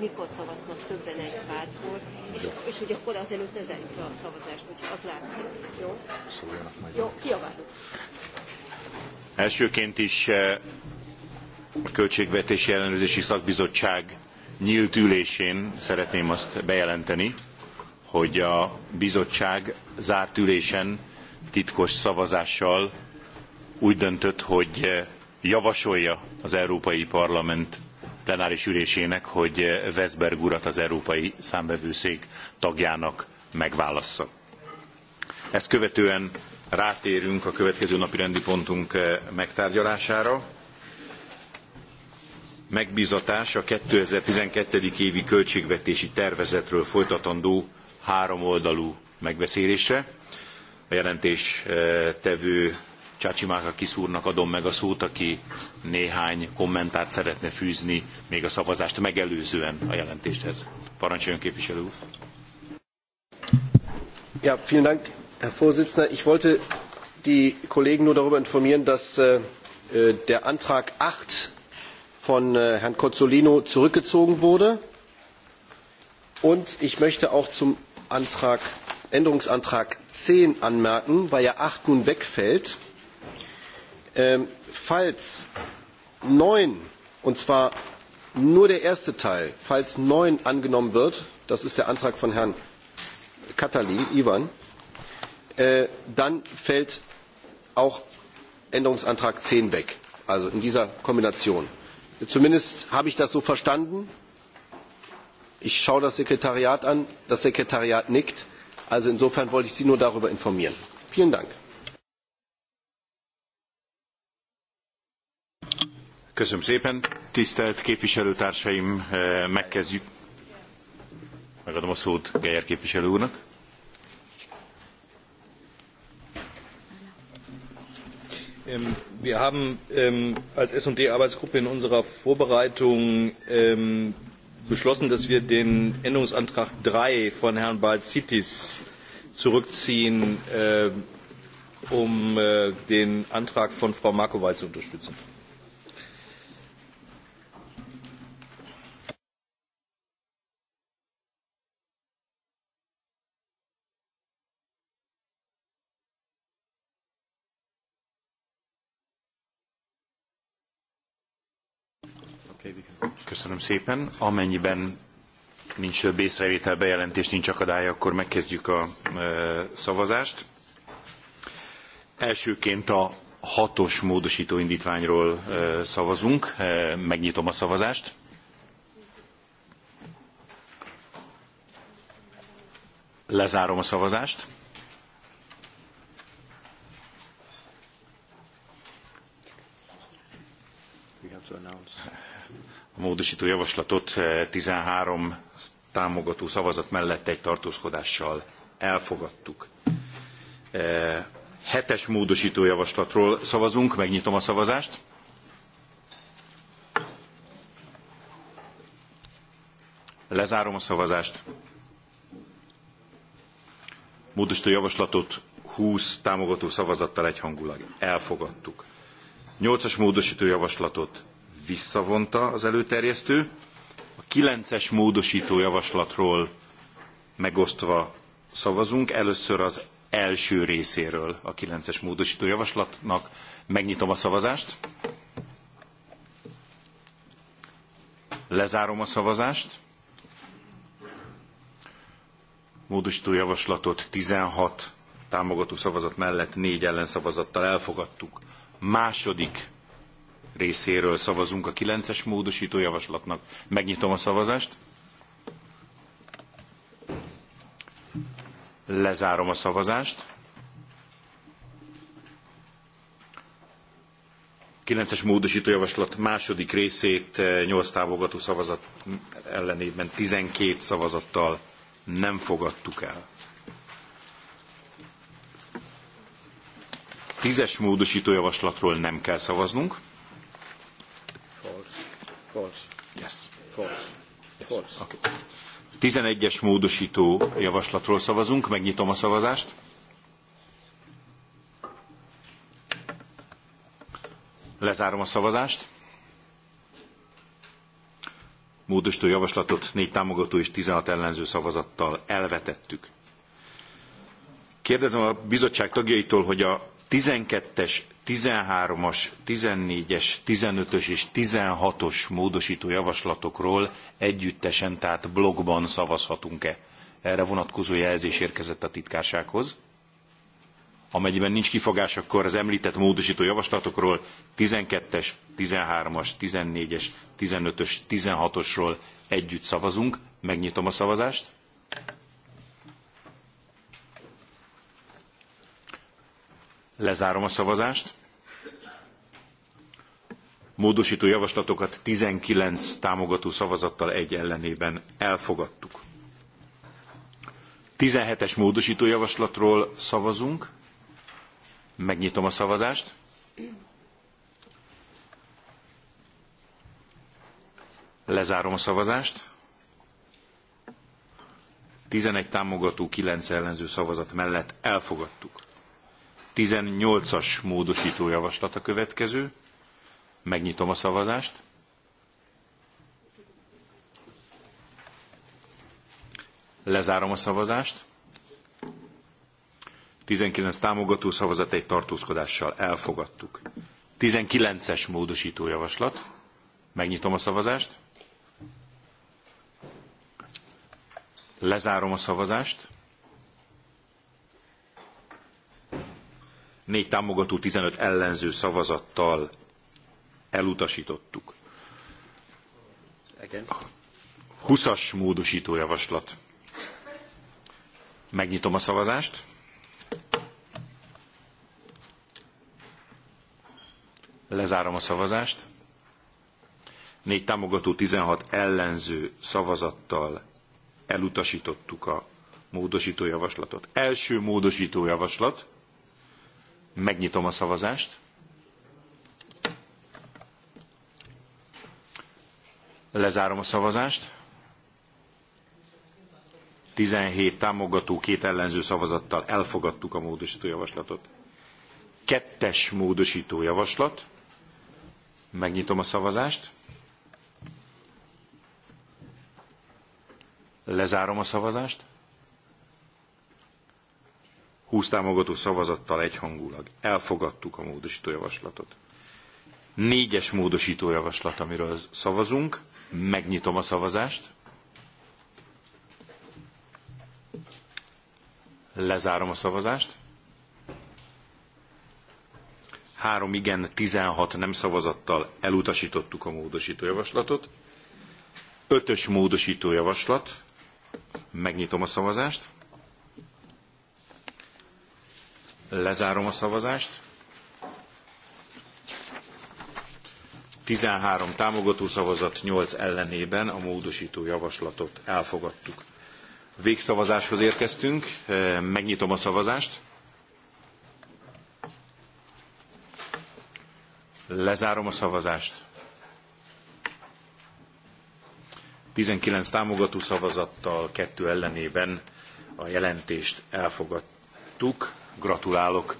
mikor szavaznak többen egy pártból, és, és hogy akkor azelőtt ne zárjuk le a szavazást, hogy az látszik. Jó? Szóljanak majd. Jó, kiabálok. Elsőként is eh, a Költségvetési Ellenőrzési Szakbizottság nyílt ülésén szeretném azt bejelenteni, hogy a bizottság zárt ülésen titkos szavazással úgy döntött, hogy eh, javasolja az Európai Parlament plenáris ülésének, hogy Veszberg urat az Európai Számbevőszék tagjának megválassza. Ezt követően rátérünk a következő napi rendi pontunk eh, megtárgyalására. Megbízatás a 2012. évi költségvetési tervezetről folytatandó háromoldalú megbeszélésre. A jelentés eh, tevő Csácsimáka kiszúrnak adom meg a szót, aki néhány kommentárt szeretne fűzni még a szavazást megelőzően a jelentéshez. Parancsoljon képviselő úr! Ja, vielen Dank, Herr Vorsitzender. Ich wollte die Kollegen nur darüber informieren, dass äh, der Antrag 8 von äh, Herrn Cozzolino zurückgezogen wurde. Und ich möchte auch zum Antrag, Änderungsantrag 10 anmerken, weil ja er 8 nun wegfällt Ähm, falls neun, und zwar nur der erste Teil, falls neun angenommen wird, das ist der Antrag von Herrn Katalin, Ivan, äh, dann fällt auch Änderungsantrag 10 weg, also in dieser Kombination. Zumindest habe ich das so verstanden. Ich schaue das Sekretariat an, das Sekretariat nickt. Also insofern wollte ich Sie nur darüber informieren. Vielen Dank. Köszönöm szépen. Tisztelt képviselőtársaim, eh, megkezdjük. Megadom a szót Geyer képviselő úrnak. Ähm, wir haben ähm, als S&D-Arbeitsgruppe in unserer Vorbereitung ähm, beschlossen, dass wir den Änderungsantrag 3 von Herrn Balzitis zurückziehen, äh, um äh, den Antrag von Frau Markowal zu unterstützen. Köszönöm szépen. Amennyiben nincs több észrevétel, bejelentés, nincs akadály, akkor megkezdjük a e, szavazást. Elsőként a hatos módosító indítványról e, szavazunk. E, megnyitom a szavazást. Lezárom a szavazást. a módosító javaslatot 13 eh, támogató szavazat mellett egy tartózkodással elfogadtuk. Eh, hetes módosító javaslatról szavazunk, megnyitom a szavazást. Lezárom a szavazást. Módosító javaslatot 20 támogató szavazattal egyhangulag elfogadtuk. 8-as módosító javaslatot visszavonta az előterjesztő. A 9-es módosító javaslatról megosztva szavazunk. Először az első részéről a 9-es módosító javaslatnak. Megnyitom a szavazást. Lezárom a szavazást. Módosító javaslatot 16 támogató szavazat mellett 4 ellenszavazattal elfogadtuk. Második részéről szavazunk a 9-es módosító javaslatnak. Megnyitom a szavazást. Lezárom a szavazást. 9-es módosító javaslat második részét 8 eh, távogató szavazat ellenében 12 szavazattal nem fogadtuk el. Tízes módosító javaslatról nem kell szavaznunk. False. Yes. False. Yes. False. Okay. 11-es módosító javaslatról szavazunk, megnyitom a szavazást. Lezárom a szavazást. Módosító javaslatot négy támogató és 16 ellenző szavazattal elvetettük. Kérdezem a bizottság tagjaitól, hogy a 12-es, 13-as, 14-es, 15-ös és 16-os módosító javaslatokról együttesen, tehát blogban szavazhatunk-e? Erre vonatkozó jelzés érkezett a titkársághoz. Amennyiben nincs kifogás, akkor az említett módosító javaslatokról 12-es, 13-as, 14-es, 15-ös, 16-osról együtt szavazunk. Megnyitom a szavazást. Lezárom a szavazást módosító javaslatokat 19 támogató szavazattal egy ellenében elfogadtuk. 17-es módosító javaslatról szavazunk. Megnyitom a szavazást. Lezárom a szavazást. 11 támogató, 9 ellenző szavazat mellett elfogadtuk. 18-as módosító javaslat a következő. Megnyitom a szavazást. Lezárom a szavazást. 19 támogató szavazat egy tartózkodással elfogadtuk. 19-es módosító javaslat. Megnyitom a szavazást. Lezárom a szavazást. 4 támogató 15 ellenző szavazattal elutasítottuk. 20-as módosítójavaslat. Megnyitom a szavazást. Lezárom a szavazást. 4 támogató, 16 ellenző szavazattal elutasítottuk a módosítójavaslatot. Első módosítójavaslat. Megnyitom a szavazást. Lezárom a szavazást. 17 támogató, két ellenző szavazattal elfogadtuk a módosító javaslatot. Kettes módosító javaslat. Megnyitom a szavazást. Lezárom a szavazást. 20 támogató szavazattal egyhangulag elfogadtuk a módosító javaslatot. Négyes módosító javaslat, amiről szavazunk. Megnyitom a szavazást. Lezárom a szavazást. Három igen, 16 nem szavazattal elutasítottuk a módosító javaslatot. Ötös módosító javaslat. Megnyitom a szavazást. Lezárom a szavazást. 13 támogató szavazat, 8 ellenében a módosító javaslatot elfogadtuk. Végszavazáshoz érkeztünk, e, megnyitom a szavazást. Lezárom a szavazást. 19 támogató szavazattal, 2 ellenében a jelentést elfogadtuk. Gratulálok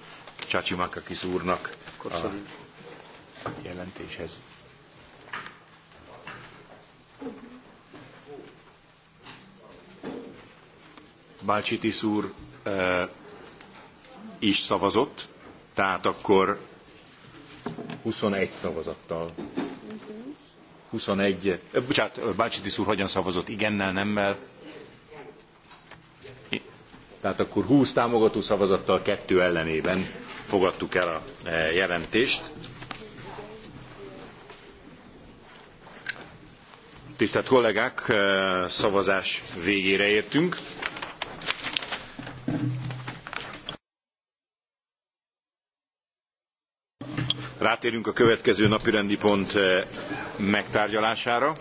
Csácsi Makakis úrnak a jelentéshez. Bácsitis úr e, is szavazott, tehát akkor 21 szavazattal. 21, mhm. ö, bocsánat, Bácsitis úr hogyan szavazott? Igennel, nemmel? Tehát akkor 20 támogató szavazattal, kettő ellenében fogadtuk el a e, jelentést. Tisztelt kollégák, szavazás végére értünk. Rátérünk a következő napirendi pont eh, megtárgyalására.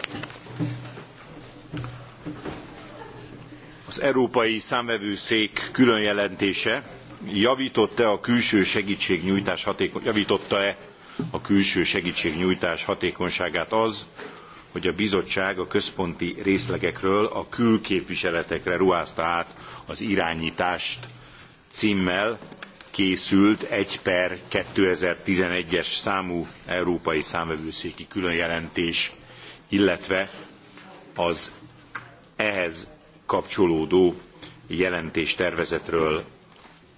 Az Európai Számvevőszék különjelentése javította a külső segítségnyújtás hatékony, javította-e a külső segítségnyújtás hatékonyságát az, hogy a bizottság a központi részlegekről a külképviseletekre ruházta át az irányítást címmel készült 1 per 2011-es számú európai számvevőszéki különjelentés, illetve az ehhez kapcsolódó jelentéstervezetről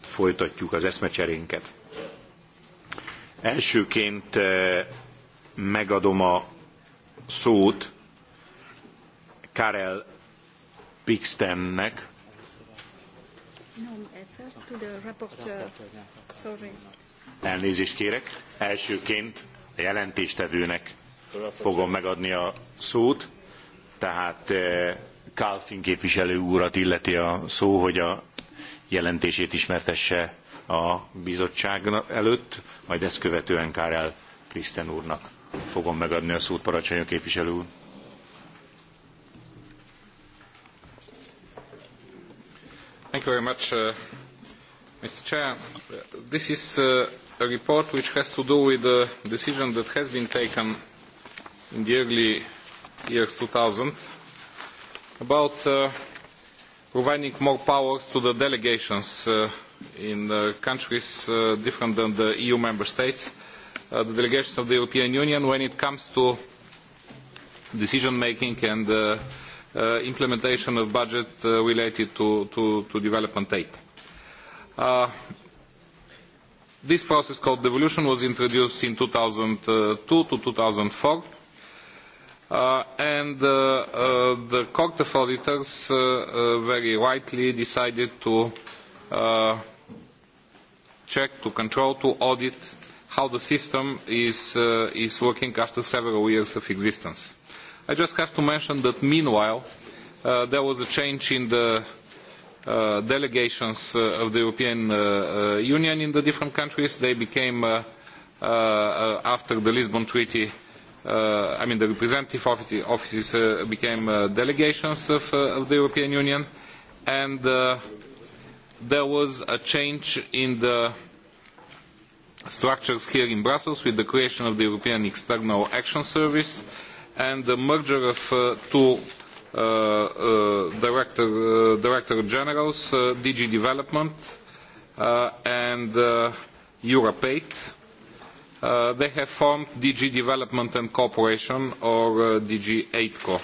folytatjuk az eszmecserénket. Elsőként eh, megadom a szót Karel Pixtennek. Eh, Elnézést kérek. Elsőként a jelentéstevőnek fogom megadni a szót, tehát eh, Kálfin képviselő úrat illeti a szó, hogy a jelentését ismertesse a bizottság előtt, majd ezt követően Kárel Pliszten úrnak fogom megadni a szót, parancsoljon képviselő úr. Thank you very much, uh, Mr. Chair. This is uh, a report which has to do with the decision that has been taken in the early years 2000 about uh, providing more powers to the delegations uh, in uh, countries uh, different than the EU member states uh, the delegations of the European Union when it comes to decision making and uh, uh, implementation of budget uh, related to, to, to development aid. Uh, this process called devolution was introduced in 2002 to 2004 uh, and uh, uh, the court authorities uh, uh, very rightly decided to uh, check, to control, to audit how the system is, uh, is working after several years of existence. I just have to mention that meanwhile, uh, there was a change in the uh, delegations uh, of the European uh, uh, Union in the different countries. They became, uh, uh, uh, after the Lisbon Treaty, uh, I mean the representative offices uh, became uh, delegations of, uh, of the European Union, and uh, there was a change in the uh, structures here in Brussels with the creation of the European External Action Service and the merger of uh, two uh, uh, director, uh, director generals, uh, DG Development uh, and uh, Europate. Uh, they have formed DG Development and Cooperation, or uh, DG AIDCO,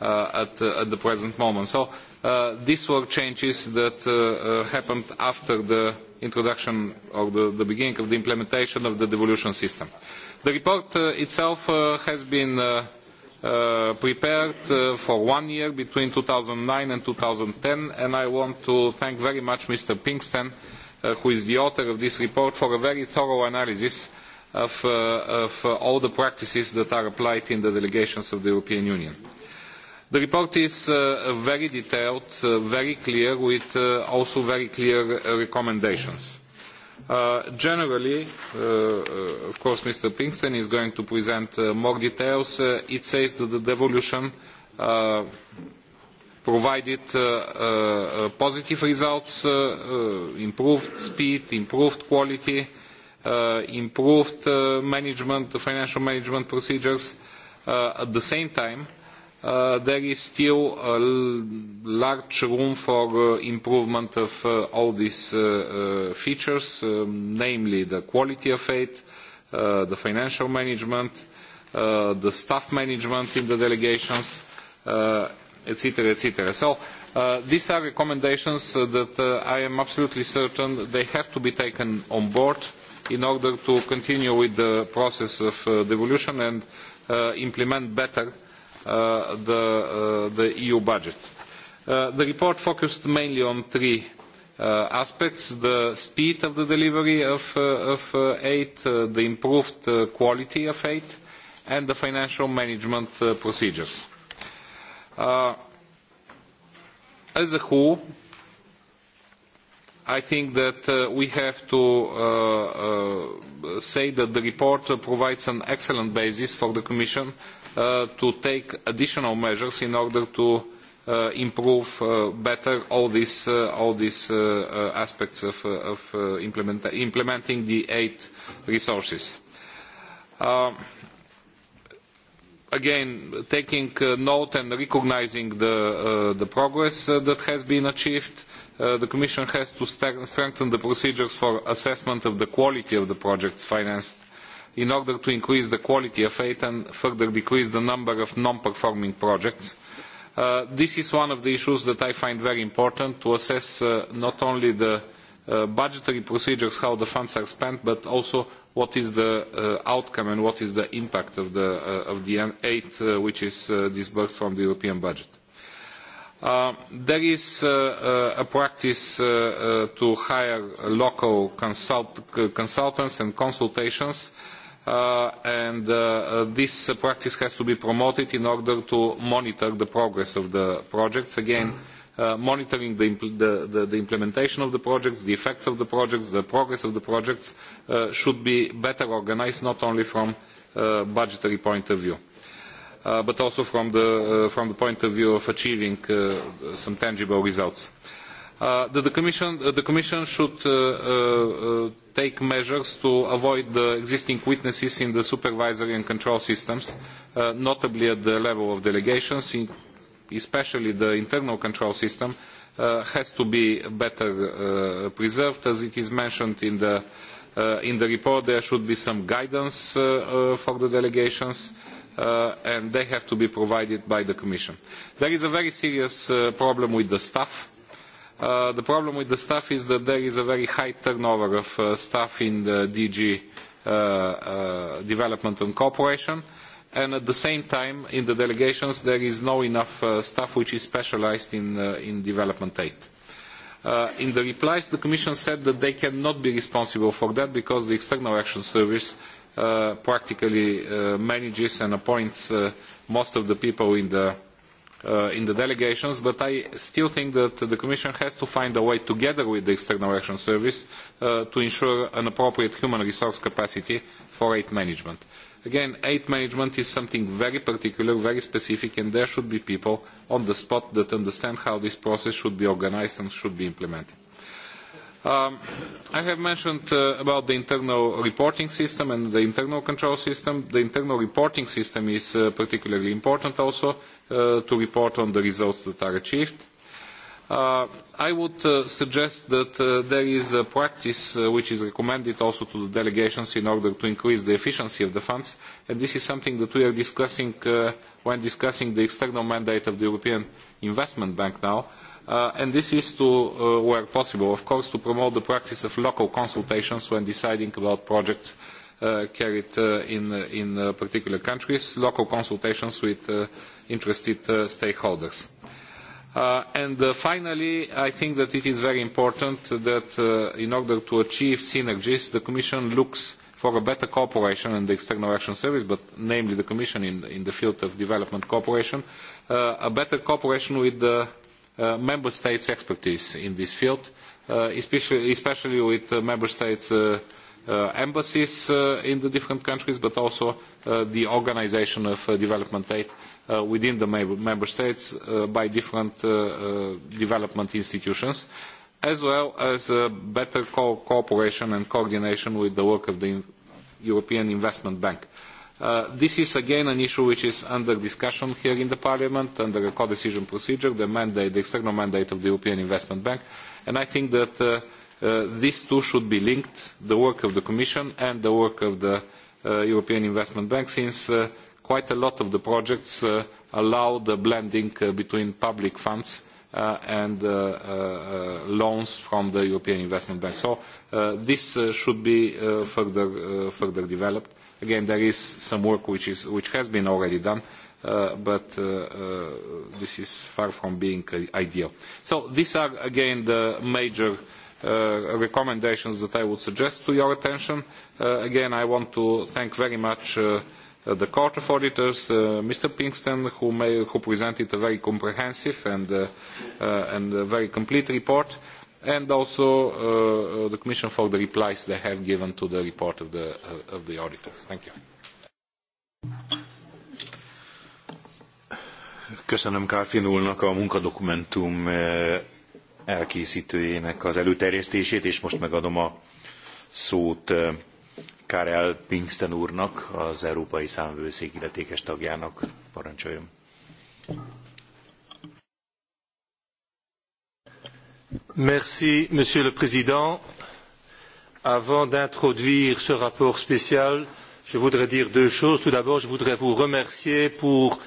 uh, at, uh, at the present moment. So uh, these were changes that uh, uh, happened after the introduction or the, the beginning of the implementation of the devolution system. The report uh, itself uh, has been uh, Uh, prepared uh, for one year between 2009 and 2010 and I want to thank very much Mr. Pinkston uh, who is the author of this report for a very thorough analysis of, uh, of uh, all the practices that are applied in the delegations of the European Union. Uh, The report is uh, very detailed, uh, very clear, with uh, also very clear uh, recommendations. Uh, generally, uh, uh of course, Mr. Pinkston is going to present uh, more details. Uh, it says that the devolution uh, provided uh, uh, positive results, uh, uh, improved speed, improved quality, uh, improved uh, management, financial management procedures. Uh, at the same time, uh, uh, there is still a large room for uh, improvement of uh, all these uh, uh, features, um, namely the quality of aid, uh, the financial management, uh, the staff management in the delegations, uh, etc., etc. So uh, these are recommendations uh, that uh, I am absolutely certain they have to be taken on board in order to continue with the process of uh, devolution and uh, implement better uh, uh, the, uh, the EU budget. Uh, the report focused mainly on three uh, aspects, the speed of the delivery of, uh, of uh, aid, uh, the improved uh, quality of aid, and the financial management uh, procedures. Uh, as a whole, I think that uh, we have to uh, uh, say that the report provides an excellent basis for the Commission uh, uh, to take additional measures in order to uh, improve uh, better all these uh, all these uh, uh, aspects of, uh, of uh, implement implementing the eight resources. Uh, again, taking uh, note and recognizing the, uh, the progress uh, that has been achieved, uh, the Commission has to st strengthen the procedures for assessment of the quality of the projects financed in order to increase the quality of aid and further decrease the number of non-performing projects. Uh, this is one of the issues that I find very important to assess uh, not only the uh, budgetary procedures, how the funds are spent, but also what is the uh, outcome and what is the impact of the, uh, of the aid uh, which is uh, disbursed from the European budget. Uh, there is uh, uh, a practice uh, uh, to hire local consult uh, consultants and consultations uh, uh, and uh, this uh, practice has to be promoted in order to monitor the progress of the projects. Again, mm. uh, monitoring the, impl the, the, the implementation of the projects, the effects of the projects, the progress of the projects uh, should be better organized not only from uh, budgetary point of view. Uh, but also from the, uh, from the point of view of achieving uh, some tangible results. Uh, that the Commission, uh, the Commission should uh, uh, take measures to avoid the existing weaknesses in the supervisory and control systems, uh, notably at the level of delegations, in, especially the internal control system, uh, has to be better uh, preserved. As it is mentioned in the, uh, in the report, there should be some guidance uh, uh, for the delegations. Uh, and they have to be provided by the Commission. There is a very serious uh, problem with the staff. Uh, Uh, the problem with the staff is that there is a very high turnover of uh, staff in the DG uh, uh, Development and Cooperation. And at the same time, in the delegations, there is no enough uh, staff which is specialized in, uh, in development aid. Uh, in the replies, the Commission said that they cannot be responsible for that because the External Action Service uh, practically uh, manages and appoints uh, most of the people in the uh, uh, in the delegations, but I still think that the Commission has to find a way, together with the External Action Service, uh, to ensure an appropriate human resource capacity for aid management. Again, aid management is something very particular, very specific, and there should be people on the spot that understand how this process should be organized and should be implemented. Um, I have mentioned uh, about the internal reporting system and the internal control system. The internal reporting system is uh, particularly important also uh, to report on the results that are achieved. Uh, I would uh, suggest that uh, there is a practice uh, which is recommended also to the delegations in order to increase the efficiency of the funds, and this is something that we are discussing uh, when discussing the external mandate of the European Investment Bank now, uh, and this is to, uh, where possible, of course, to promote the practice of local consultations when deciding about projects uh, carried uh, in, uh, in uh, particular countries, local consultations with uh, interested uh, stakeholders. Uh, and uh, finally, I think that it is very important that uh, in order to achieve synergies, the Commission looks uh, for a better cooperation in the External Action Service, but namely the Commission in, in the field of development cooperation, uh, a better cooperation with the uh, Member States' expertise in this field, uh, especially, especially with uh, Member States' uh, uh, embassies uh, in the different countries, but also uh, the organization of uh, development aid uh, within the member states uh, by different uh, uh, development institutions. Uh, as well as uh, better co cooperation and coordination with the work of the European Investment Bank. Uh, this is again an issue which is under discussion here in the Parliament under a co-decision procedure, the mandate, the external mandate of the European Investment Bank, and I think that uh, uh, these two should be linked, the work of the Commission and the work of the uh, European Investment Bank, since uh, quite a lot of the projects uh, allow the blending uh, between public funds uh, uh, and uh, uh, loans from the European Investment Bank. So uh, this uh, should be uh, further, uh, further developed. Again, there is some work which, is, which has been already done, uh, but uh, uh, this is far from being uh, ideal. So these are, again, the major uh, recommendations that I would suggest to your attention. Uh, again, I want to thank very much uh, uh, the Court of Auditors, uh, Mr. Pinkston, who, may, who presented a very comprehensive and, uh, uh, and a very complete report, and also uh, uh, the Commission for the replies they have given to the report of the, uh, of the auditors. Thank you. Köszönöm Kárfin úrnak a munkadokumentum uh, elkészítőjének az előterjesztését, és most megadom a szót uh, Karel Pinkston úrnak, az Európai Számvőszék illetékes tagjának. Parancsoljon. Merci, Monsieur le Président. Avant d'introduire ce rapport spécial, je voudrais dire deux choses. Tout d'abord, je voudrais vous remercier pour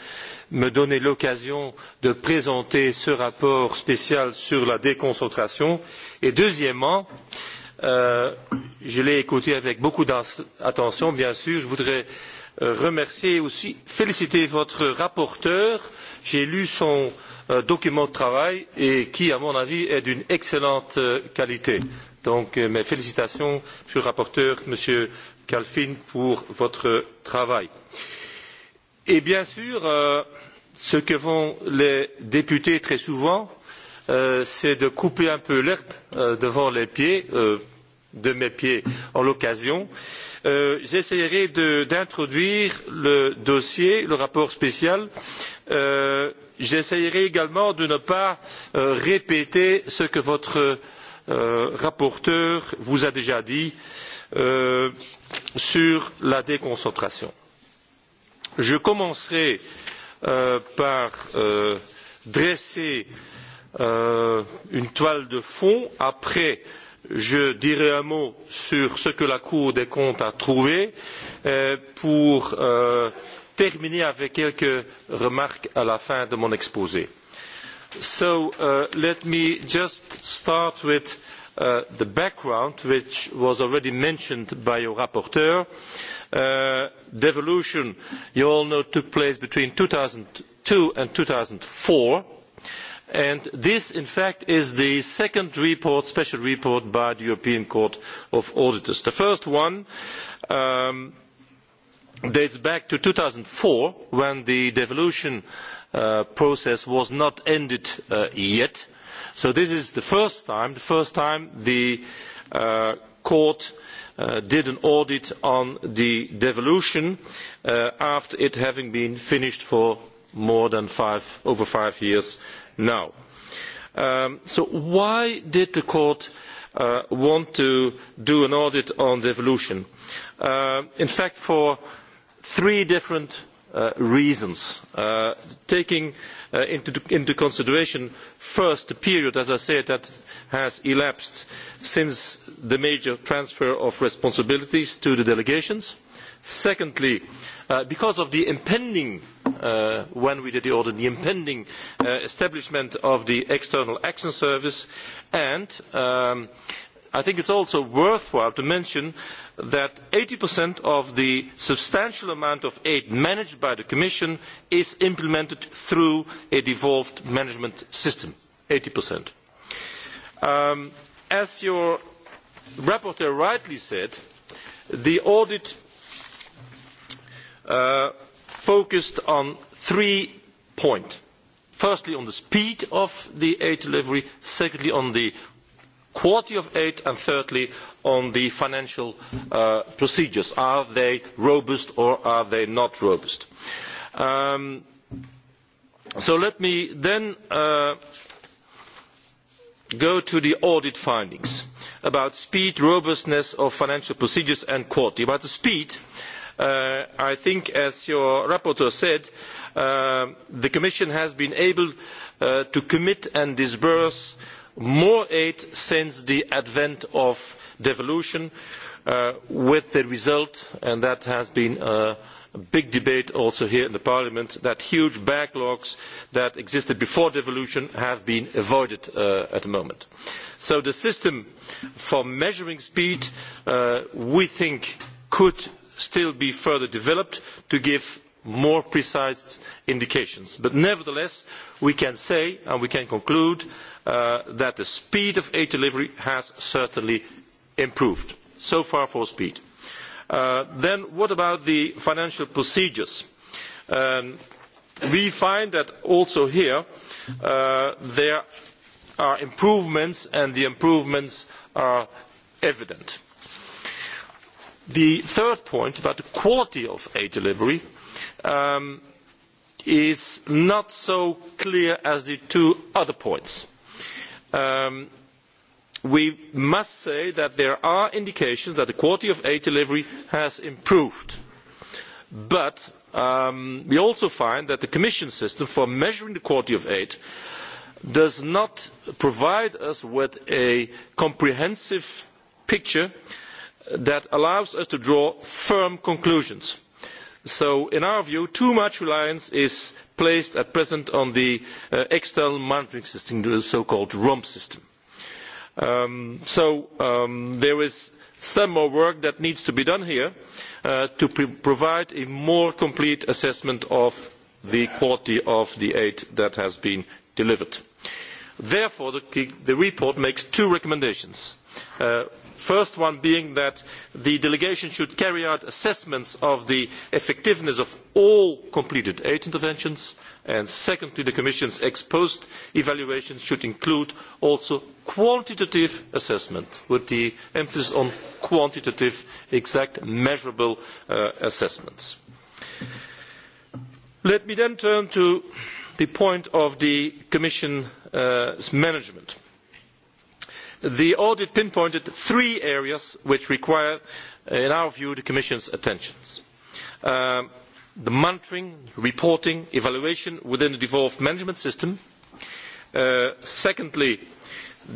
me donner l'occasion de présenter ce rapport spécial sur la déconcentration. Et deuxièmement, euh, Euh, je l'ai écouté avec beaucoup d'attention, bien sûr. Je voudrais euh, remercier et aussi féliciter votre rapporteur. J'ai lu son euh, document de travail et qui, à mon avis, est d'une excellente euh, qualité. Donc, euh, mes félicitations, Monsieur le rapporteur, Monsieur Calfin, pour votre travail. Et bien sûr, euh, ce que font les députés très souvent, euh, Euh, c'est de couper un peu l'herbe euh, devant les pieds euh, de mes pieds en l'occasion j'essaierai d'introduire le dossier le rapport spécial j'essaierai également de ne pas répéter ce que votre rapporteur vous a déjà dit sur la déconcentration. je commencerai par dresser euh, une toile de fond. Après, je dirai un mot sur ce que la Cour des comptes a trouvé euh, pour euh, terminer avec quelques remarques à la fin de mon exposé. So uh, let me just start with uh, the background, which was already mentioned by your rapporteur. Uh, devolution, you all know, took place between 2002 and 2004 and this in fact is the second report, special report by the European Court of Auditors. The first one um, dates back to 2004 when the devolution uh, process was not ended uh, yet. So this is the first time, the first time the uh, court uh, did an audit on the devolution uh, after it having been finished for more than five, over five years now. Um, so why did the court uh, want to do an audit on devolution? Uh, in fact, for three different uh, reasons, uh, taking uh, into, into consideration first the period, as I said, that has elapsed since the major transfer of responsibilities to the delegations. Uh, Secondly, uh, because of the impending, uh, when we did the audit, the impending uh, establishment of the External Action Service, and um, I think it's also worthwhile to mention that 80% of the substantial amount of aid managed by the Commission is implemented through a devolved management system, 80%. Um, as your rapporteur rightly said, the audit uh, focused on three points. Firstly, on the speed of the aid delivery, secondly, on the quality of aid, and thirdly, on the financial uh, procedures. Are they robust or are they not robust? Um, so let me then uh, go to the audit findings about speed, robustness of financial procedures and quality. About the speed, uh, Uh, I think, as your rapporteur said, uh, the Commission has been able uh, to commit and disburse more aid since the advent of devolution, uh, with the result, and that has been uh, a big debate also here in the parliament that huge backlogs that existed before devolution have been avoided uh, at the moment. so the system for measuring speed uh, we think could still be further developed to give more precise indications. but nevertheless we can say and we can conclude uh, that the speed of aid delivery has certainly improved. so far for speed. Uh, then what about the financial procedures? Um, we find that also here uh, there are improvements and the improvements are evident The third point about the quality of aid delivery um, is not so clear as the two other points. Um, we must say that there are indications that the quality of aid delivery has improved. But um, we also find that the Commission system for measuring the quality of aid does not provide us with a comprehensive picture uh, that allows us to draw firm conclusions. so in our view too much reliance is placed at present on the uh, external monitoring system the so called rom system. Um, so um, there is some more work that needs to be done here uh, to provide a more complete assessment of the quality of the aid that has been delivered. therefore the, the report makes two recommendations. Uh, first one being that the delegation should carry out assessments of the effectiveness of all completed aid interventions and secondly the commission's ex post evaluations should include also quantitative assessment with the emphasis on quantitative exact measurable uh, assessments. Let me then turn to the point of the Commission's uh, management the audit pinpointed three areas which require uh, in our view the commission's attention um, the monitoring reporting evaluation within the devolved management system uh, secondly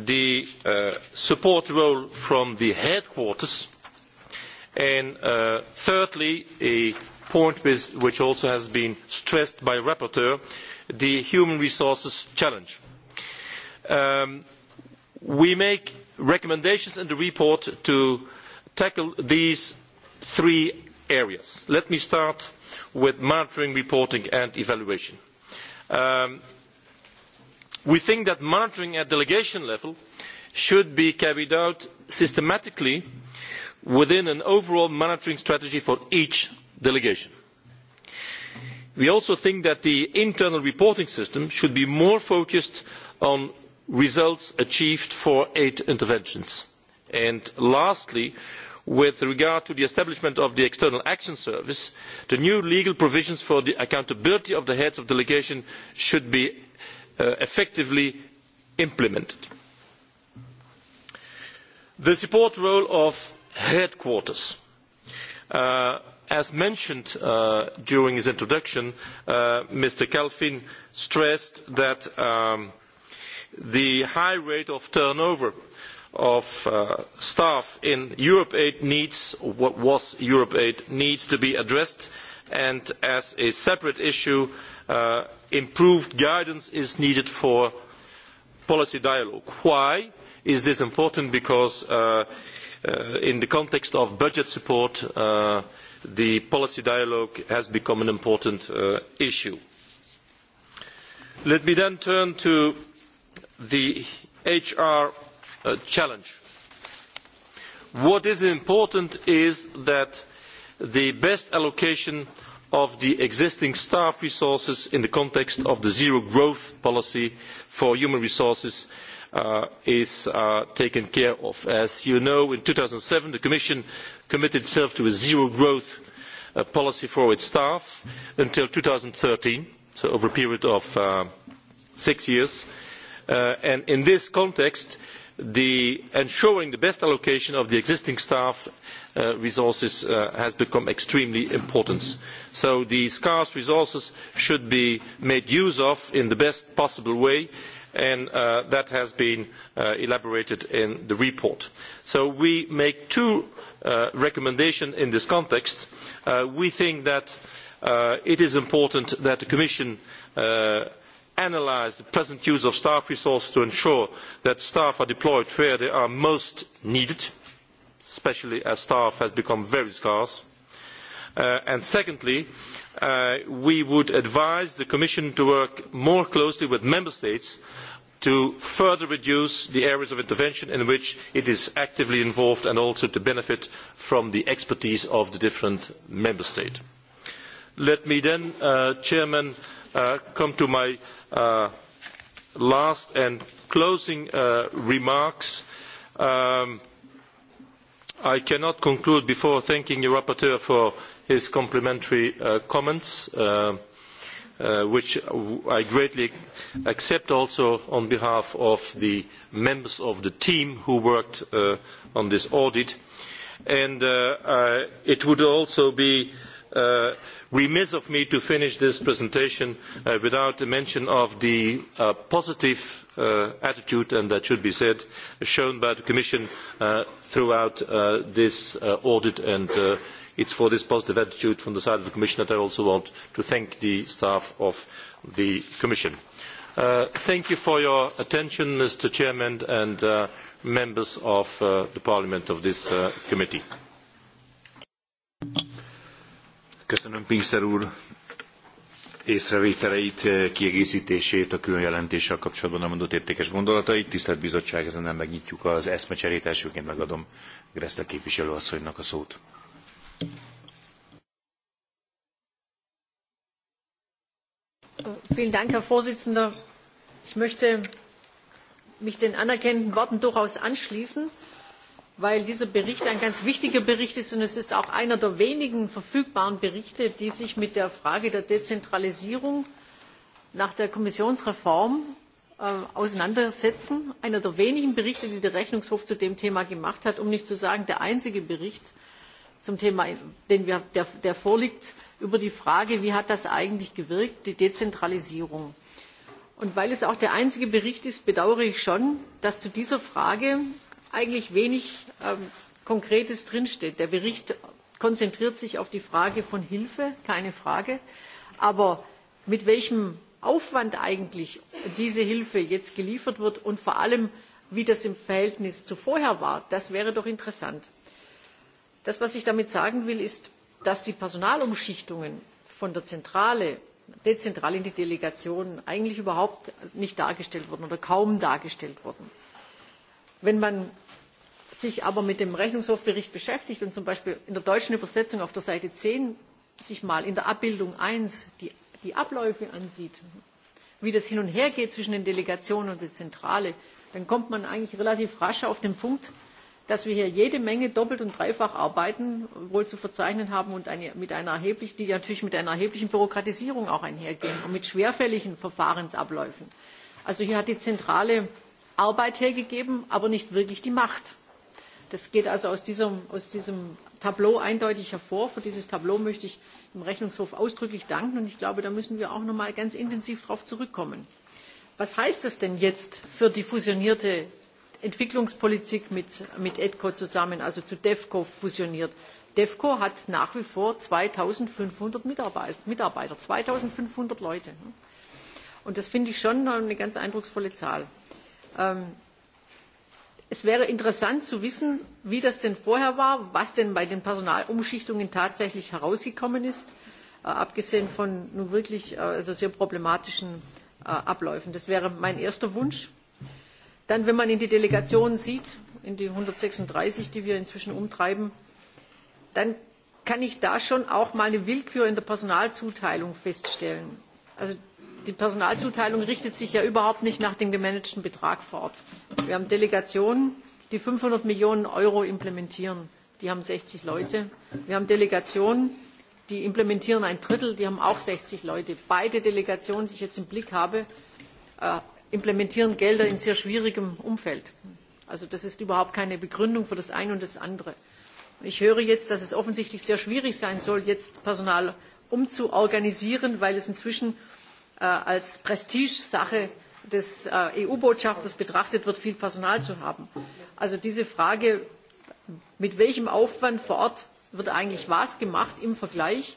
the uh, support role from the headquarters and uh, thirdly a point with, which also has been stressed by the rapporteur the human resources challenge. Um, we make recommendations in the report to tackle these three areas. Let me start with monitoring, reporting and evaluation. Um, we think that monitoring at delegation level should be carried out systematically within an overall monitoring strategy for each delegation. We also think that the internal reporting system should be more focused on results achieved for aid interventions. And lastly with regard to the establishment of the external action service the new legal provisions for the accountability of the heads of delegation should be uh, effectively implemented. the support role of headquarters uh, as mentioned uh, during his introduction uh, mr kalfin stressed that um, the high rate of turnover of uh, staff in EuropeAid needs what was EuropeAid needs to be addressed and as a separate issue uh, improved guidance is needed for policy dialogue. Why is this important? Because uh, uh, in the context of budget support uh, the policy dialogue has become an important uh, issue. Let me then turn to the HR uh, challenge. What is important is that the best allocation of the existing staff resources in the context of the zero growth policy for human resources uh, is uh, taken care of. As you know, in 2007 the Commission committed itself to a zero growth uh, policy for its staff until 2013, so over a period of uh, six years. Uh, Uh, and in this context, the, ensuring the best allocation of the existing staff uh, resources uh, has become extremely important. So the scarce resources should be made use of in the best possible way and uh, that has been uh, elaborated in the report. So we make two uh, recommendations in this context. Uh, we think that uh, it is important that the Commission uh, analyse the present use of staff resources to ensure that staff are deployed where they are most needed especially as staff has become very scarce. Uh, and secondly uh, we would advise the commission to work more closely with member states to further reduce the areas of intervention in which it is actively involved and also to benefit from the expertise of the different member states. let me then uh, Chairman, uh, come to my uh, last and closing uh, remarks. Um, I cannot conclude before thanking the rapporteur for his complimentary uh, comments, uh, uh, which I greatly accept also on behalf of the members of the team who worked uh, on this audit. And uh, uh, it would also be uh, uh, remiss of me to finish this presentation uh, without a mention of the uh, positive uh, attitude, and that should be said, shown by the Commission uh, throughout uh, this uh, audit. And uh, it's for this positive attitude from the side of the Commission that I also want to thank the staff of the Commission. Uh, thank you for your attention, Mr. Chairman, and uh, members of uh, the Parliament of this uh, committee. Köszönöm Pinkster úr észrevételeit, eh, kiegészítését, a különjelentéssel kapcsolatban elmondott értékes gondolatait. Tisztelt Bizottság, ezen megnyitjuk az eszmecserét. Elsőként megadom Greszle képviselőasszonynak a szót. Vielen Dank, Herr Vorsitzender. Ich möchte mich den anerkennenden Worten durchaus anschließen weil dieser Bericht ein ganz wichtiger Bericht ist und es ist auch einer der wenigen verfügbaren Berichte, die sich mit der Frage der Dezentralisierung nach der Kommissionsreform äh, auseinandersetzen. Einer der wenigen Berichte, die der Rechnungshof zu dem Thema gemacht hat, um nicht zu sagen der einzige Bericht zum Thema, den wir, der, der vorliegt, über die Frage, wie hat das eigentlich gewirkt, die Dezentralisierung. Und weil es auch der einzige Bericht ist, bedauere ich schon, dass zu dieser Frage eigentlich wenig ähm, Konkretes drinsteht. Der Bericht konzentriert sich auf die Frage von Hilfe, keine Frage. Aber mit welchem Aufwand eigentlich diese Hilfe jetzt geliefert wird und vor allem, wie das im Verhältnis zu vorher war, das wäre doch interessant. Das, was ich damit sagen will, ist, dass die Personalumschichtungen von der Zentrale dezentral in die Delegation eigentlich überhaupt nicht dargestellt wurden oder kaum dargestellt wurden. Wenn man sich aber mit dem Rechnungshofbericht beschäftigt und zum Beispiel in der deutschen Übersetzung auf der Seite 10 sich mal in der Abbildung 1 die, die Abläufe ansieht, wie das hin und her geht zwischen den Delegationen und der Zentrale, dann kommt man eigentlich relativ rasch auf den Punkt, dass wir hier jede Menge doppelt und dreifach arbeiten wohl zu verzeichnen haben und eine, mit einer erheblich, die natürlich mit einer erheblichen Bürokratisierung auch einhergehen und mit schwerfälligen Verfahrensabläufen. Also hier hat die Zentrale Arbeit hergegeben, aber nicht wirklich die Macht. Das geht also aus diesem, aus diesem Tableau eindeutig hervor. Für dieses Tableau möchte ich dem Rechnungshof ausdrücklich danken und ich glaube, da müssen wir auch noch mal ganz intensiv darauf zurückkommen. Was heißt das denn jetzt für die fusionierte Entwicklungspolitik mit, mit EDCO zusammen, also zu DEFCO fusioniert? DEFCO hat nach wie vor 2500 Mitarbeiter, Mitarbeiter 2500 Leute. Und das finde ich schon eine ganz eindrucksvolle Zahl. Ähm, es wäre interessant zu wissen wie das denn vorher war was denn bei den personalumschichtungen tatsächlich herausgekommen ist äh, abgesehen von nun wirklich äh, sehr problematischen äh, abläufen. das wäre mein erster wunsch. dann wenn man in die delegationen sieht in die einhundertsechsunddreißig die wir inzwischen umtreiben dann kann ich da schon auch mal eine willkür in der personalzuteilung feststellen. also die personalzuteilung richtet sich ja überhaupt nicht nach dem gemanagten betrag vor ort. wir haben delegationen die fünfhundert millionen euro implementieren die haben sechzig leute. wir haben delegationen die implementieren ein drittel die haben auch sechzig leute. beide delegationen die ich jetzt im blick habe äh, implementieren gelder in sehr schwierigem umfeld. also das ist überhaupt keine begründung für das eine und das andere. ich höre jetzt dass es offensichtlich sehr schwierig sein soll jetzt personal umzuorganisieren weil es inzwischen Äh, als Prestigesache des äh, EU-Botschafters betrachtet wird, viel Personal zu haben. Also diese Frage, mit welchem Aufwand vor Ort wird eigentlich was gemacht im Vergleich,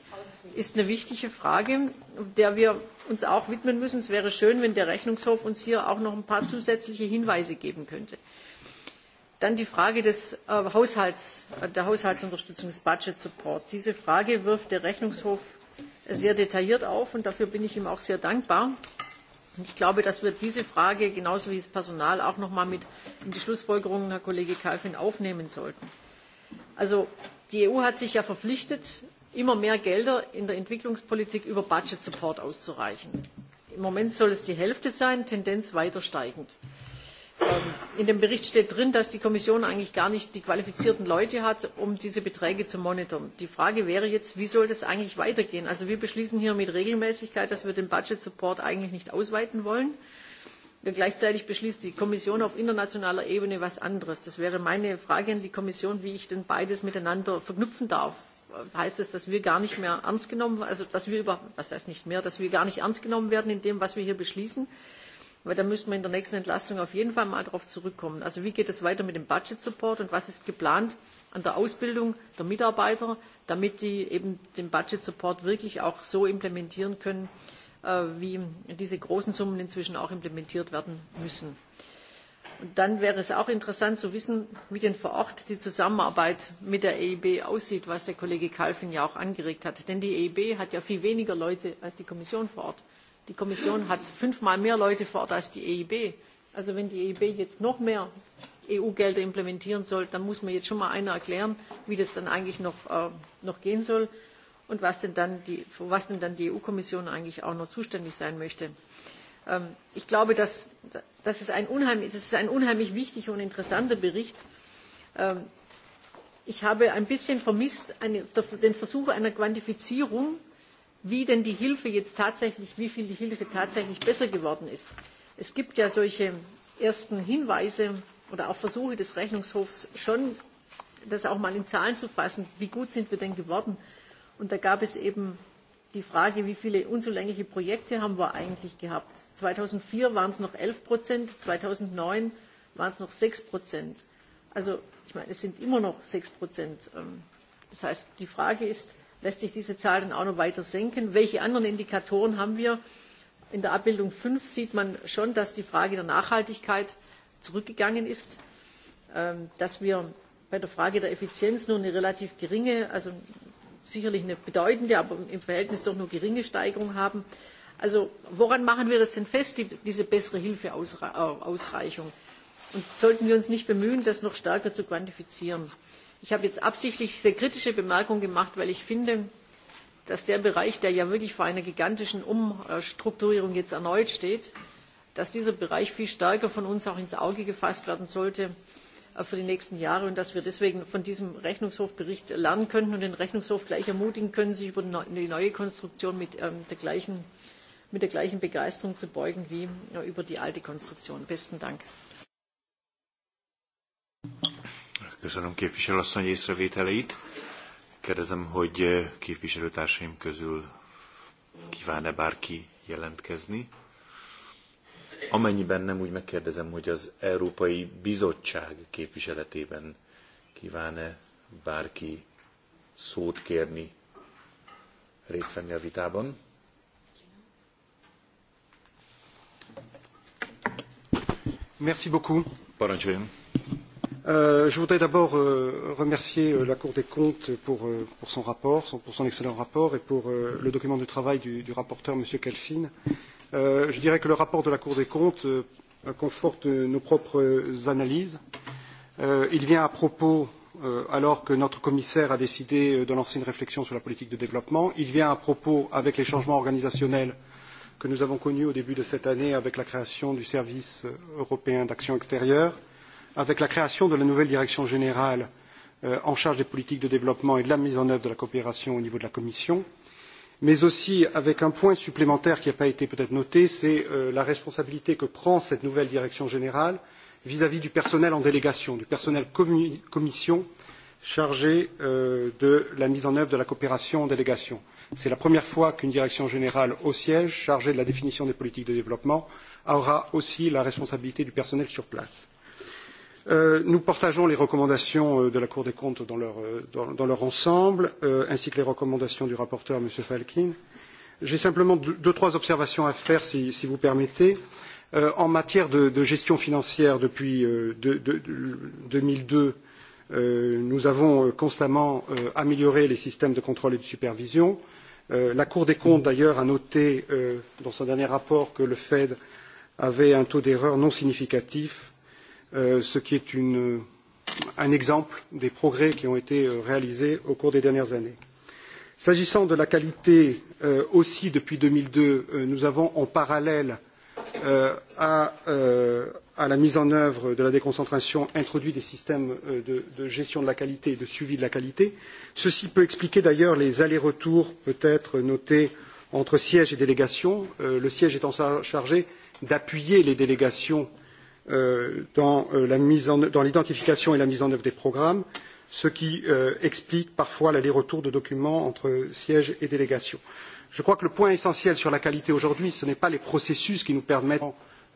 ist eine wichtige Frage, der wir uns auch widmen müssen. Es wäre schön, wenn der Rechnungshof uns hier auch noch ein paar zusätzliche Hinweise geben könnte. Dann die Frage des äh, Haushalts, der Haushaltsunterstützung, des Budget Support. Diese Frage wirft der Rechnungshof sehr detailliert auf und dafür bin ich ihm auch sehr dankbar. Und ich glaube, dass wir diese Frage genauso wie das Personal auch noch mal mit in die Schlussfolgerungen, Herr Kollege Kalfin, aufnehmen sollten. Also die EU hat sich ja verpflichtet, immer mehr Gelder in der Entwicklungspolitik über Budget Support auszureichen. Im Moment soll es die Hälfte sein, Tendenz weiter steigend. Ähm, in dem Bericht steht drin, dass die Kommission eigentlich gar nicht die qualifizierten Leute hat, um diese Beträge zu monitoren. Die Frage wäre jetzt, wie soll das eigentlich weitergehen? Also wir beschließen hier mit Regelmäßigkeit, dass wir den Budget Support eigentlich nicht ausweiten wollen. Und gleichzeitig beschließt die Kommission auf internationaler Ebene was anderes. Das wäre meine Frage an die Kommission, wie ich denn beides miteinander verknüpfen darf. Heißt es, dass wir gar nicht mehr ernst genommen, also dass wir über, was heißt nicht mehr, dass wir gar nicht ernst genommen werden in dem, was wir hier beschließen? Äh, weil da müssen wir in der nächsten Entlastung auf jeden Fall mal darauf zurückkommen. Also wie geht es weiter mit dem Budget Support und was ist geplant an der Ausbildung der Mitarbeiter, damit die eben den Budget Support wirklich auch so implementieren können, äh, wie diese großen Summen inzwischen auch implementiert werden müssen. Und dann wäre es auch interessant zu wissen, wie denn vor Ort die Zusammenarbeit mit der EIB aussieht, was der Kollege Kalfin ja auch angeregt hat. Denn die EIB hat ja viel weniger Leute als die Kommission vor Ort. Die Kommission hat fünfmal mehr Leute vor Ort als die EIB. Also wenn die EIB jetzt noch mehr EU-Gelder implementieren soll, dann muss mir jetzt schon mal einer erklären, wie das dann eigentlich noch, äh, noch gehen soll und was denn dann die, für was denn dann die EU-Kommission eigentlich auch noch zuständig sein möchte. Ähm, ich glaube, dass, dass es ein unheimlich, das ist ein unheimlich wichtiger und interessanter Bericht. Ähm, ich habe ein bisschen vermisst eine, den Versuch einer Quantifizierung wie denn die Hilfe jetzt tatsächlich, wie viel die Hilfe tatsächlich besser geworden ist. Es gibt ja solche ersten Hinweise oder auch Versuche des Rechnungshofs schon, das auch mal in Zahlen zu fassen, wie gut sind wir denn geworden. Und da gab es eben die Frage, wie viele unzulängliche Projekte haben wir eigentlich gehabt. 2004 waren es noch 11 Prozent, 2009 waren es noch 6 Prozent. Also ich meine, es sind immer noch 6 Prozent. Ähm, das heißt, die Frage ist, lässt sich diese Zahl dann auch noch weiter senken. Welche anderen Indikatoren haben wir? In der Abbildung 5 sieht man schon, dass die Frage der Nachhaltigkeit zurückgegangen ist, ähm, dass wir bei der Frage der Effizienz nur eine relativ geringe, also sicherlich eine bedeutende, aber im Verhältnis doch nur geringe Steigerung haben. Also woran machen wir das denn fest, die, diese bessere Hilfeausreichung? Äh, Und sollten wir uns nicht bemühen, das noch stärker zu quantifizieren? Äh, Ich habe jetzt absichtlich sehr kritische Bemerkungen gemacht, weil ich finde, dass der Bereich, der ja wirklich vor einer gigantischen Umstrukturierung jetzt erneut steht, dass dieser Bereich viel stärker von uns auch ins Auge gefasst werden sollte äh, für die nächsten Jahre und dass wir deswegen von diesem Rechnungshofbericht lernen könnten und den Rechnungshof gleich ermutigen können, sich über die neue Konstruktion mit, ähm, der, gleichen, mit der gleichen Begeisterung zu beugen wie äh, über die alte Konstruktion. Besten Dank. Köszönöm képviselőasszony észrevételeit. Kérdezem, hogy eh, képviselőtársaim közül kíván-e bárki jelentkezni. Amennyiben nem, úgy megkérdezem, hogy az Európai Bizottság képviseletében kíván-e bárki szót kérni, részt venni a vitában. Merci beaucoup. Parancsoljon. Euh, je voudrais d'abord euh, remercier euh, la Cour des comptes pour, euh, pour son rapport, son, pour son excellent rapport et pour euh, le document de travail du, du rapporteur, M. Calfin. Euh, je dirais que le rapport de la Cour des comptes euh, conforte nos propres analyses. Euh, il vient à propos, euh, alors que notre commissaire a décidé euh, de lancer une réflexion sur la politique de développement, il vient à propos avec les changements organisationnels que nous avons connus au début de cette année avec la création du service euh, européen d'action extérieure, euh, avec la création de la nouvelle direction générale euh, en charge des politiques de développement et de la mise en œuvre de la coopération au niveau de la Commission, mais aussi avec un point supplémentaire qui n'a pas été peut-être noté, c'est euh, la responsabilité que prend cette nouvelle direction générale vis-à-vis -vis du personnel en délégation, du personnel commi Commission chargé euh, de la mise en œuvre de la coopération en délégation. C'est la première fois qu'une direction générale au siège, chargée de la définition des politiques de développement, aura aussi la responsabilité du personnel sur place. Euh, nous partageons les recommandations euh, de la Cour des comptes dans leur, euh, dans, dans leur ensemble, euh, ainsi que les recommandations du rapporteur, M. Falkin. J'ai simplement deux, deux, trois observations à faire, si, si vous permettez. Euh, en matière de, de gestion financière, depuis euh, de, de, de 2002, euh, nous avons euh, constamment euh, amélioré les systèmes de contrôle et de supervision. Euh, la Cour des comptes, d'ailleurs, a noté euh, dans son dernier rapport que le Fed avait un taux d'erreur non significatif euh, ce qui est une, un exemple des progrès qui ont été euh, réalisés au cours des dernières années. S'agissant de la qualité euh, aussi depuis 2002, euh, nous avons en parallèle euh, à, euh, à la mise en œuvre de la déconcentration introduit des systèmes euh, de, de gestion de la qualité et de suivi de la qualité. Ceci peut expliquer d'ailleurs les allers-retours peut-être notés entre siège et délégation, euh, le siège étant chargé d'appuyer les délégations euh, euh, dans euh, l'identification et la mise en œuvre des programmes, ce qui euh, explique parfois l'aller-retour de documents entre siège et délégation. Je crois que le point essentiel sur la qualité aujourd'hui, ce n'est pas les processus qui nous permettent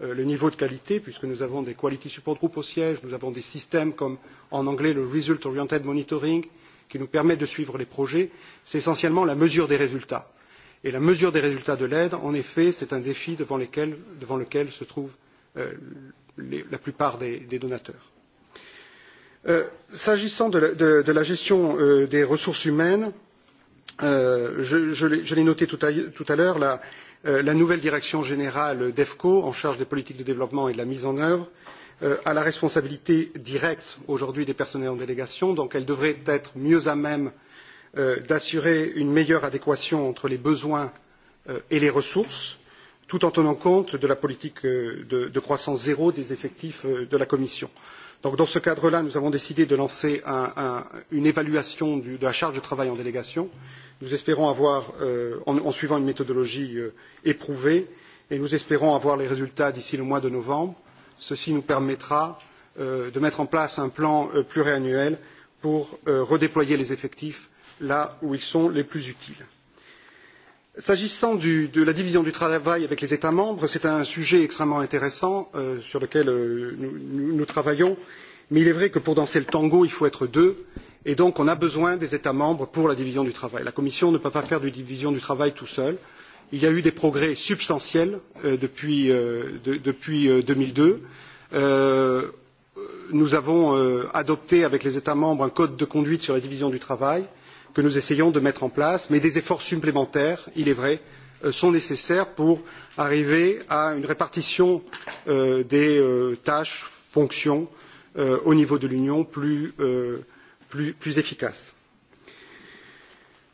euh, le niveau de qualité, puisque nous avons des quality support group au siège, nous avons des systèmes comme en anglais le result oriented monitoring qui nous permettent de suivre les projets, c'est essentiellement la mesure des résultats. Et la mesure des résultats de l'aide, en effet, c'est un défi devant, lesquels, devant lequel se trouve euh, les, la plupart des, des donateurs. Euh, S'agissant de, de, de la gestion euh, des ressources humaines, euh, je, je l'ai noté tout à, tout à l'heure, la, euh, la nouvelle direction générale d'EFCO, en charge des politiques de développement et de la mise en œuvre, euh, a la responsabilité directe aujourd'hui des personnels en délégation, donc elle devrait être mieux à même euh, d'assurer une meilleure adéquation entre les besoins euh, et les ressources tout en tenant compte de la politique euh, de, de croissance zéro des effectifs euh, de la Commission. Donc, dans ce cadre-là, nous avons décidé de lancer un, un, une évaluation du, de la charge de travail en délégation. Nous espérons avoir, euh, en, en suivant une méthodologie euh, éprouvée, et nous espérons avoir les résultats d'ici le mois de novembre. Ceci nous permettra euh, de mettre en place un plan euh, pluriannuel pour euh, redéployer les effectifs là où ils sont les plus utiles. S'agissant du, de la division du travail avec les États membres, c'est un sujet extrêmement intéressant euh, sur lequel euh, nous, nous travaillons, mais il est vrai que pour danser le tango, il faut être deux, et donc on a besoin des États membres pour la division du travail. La Commission ne peut pas faire de division du travail tout seul. Il y a eu des progrès substantiels euh, depuis, euh, de, depuis euh, 2002. Euh, nous avons euh, adopté avec les États membres un code de conduite sur la division du travail. Euh, que nous essayons de mettre en place, mais des efforts supplémentaires, il est vrai, euh, sont nécessaires pour arriver à une répartition euh, des euh, tâches, fonctions euh, au niveau de l'Union plus, euh, plus, plus efficace.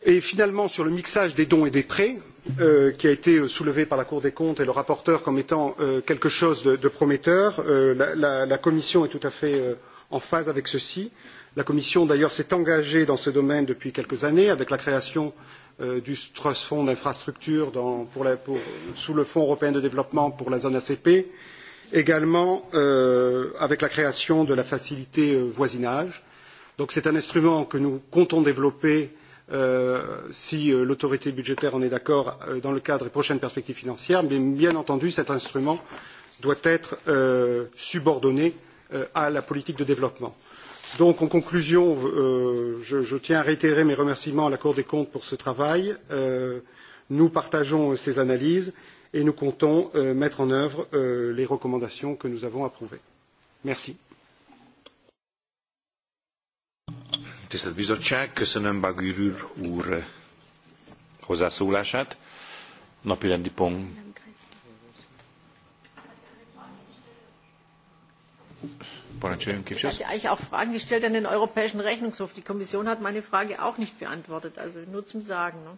Et finalement, sur le mixage des dons et des prêts, euh, qui a été euh, soulevé par la Cour des comptes et le rapporteur comme étant euh, quelque chose de, de prometteur, euh, la, la, la Commission est tout à fait euh, en phase avec ceci. Euh, La Commission, d'ailleurs, s'est engagée dans ce domaine depuis quelques années avec la création euh, du Trust Fonds d'infrastructure pour la, pour, sous le Fonds européen de développement pour la zone ACP, également euh, avec la création de la facilité euh, voisinage. Donc c'est un instrument que nous comptons développer euh, si euh, l'autorité budgétaire en est d'accord euh, dans le cadre des prochaines perspectives financières, mais bien entendu cet instrument doit être euh, subordonné euh, à la politique de développement. Euh, Donc, en conclusion, euh, je, je tiens à réitérer mes remerciements à la Cour des comptes pour ce travail. Euh, nous partageons euh, ces analyses et nous comptons euh, mettre en œuvre euh, les recommandations que nous avons approuvées. Merci. Tisztelt Bizottság, köszönöm Bagűr úr, úr hozzászólását. Napirendi pont. Porančevim-Kivšas. Ich hatte eigentlich auch Fragen gestellt an den Europäischen Rechnungshof. Die Kommission hat meine Frage auch nicht beantwortet, also nur zum Sagen. Ne?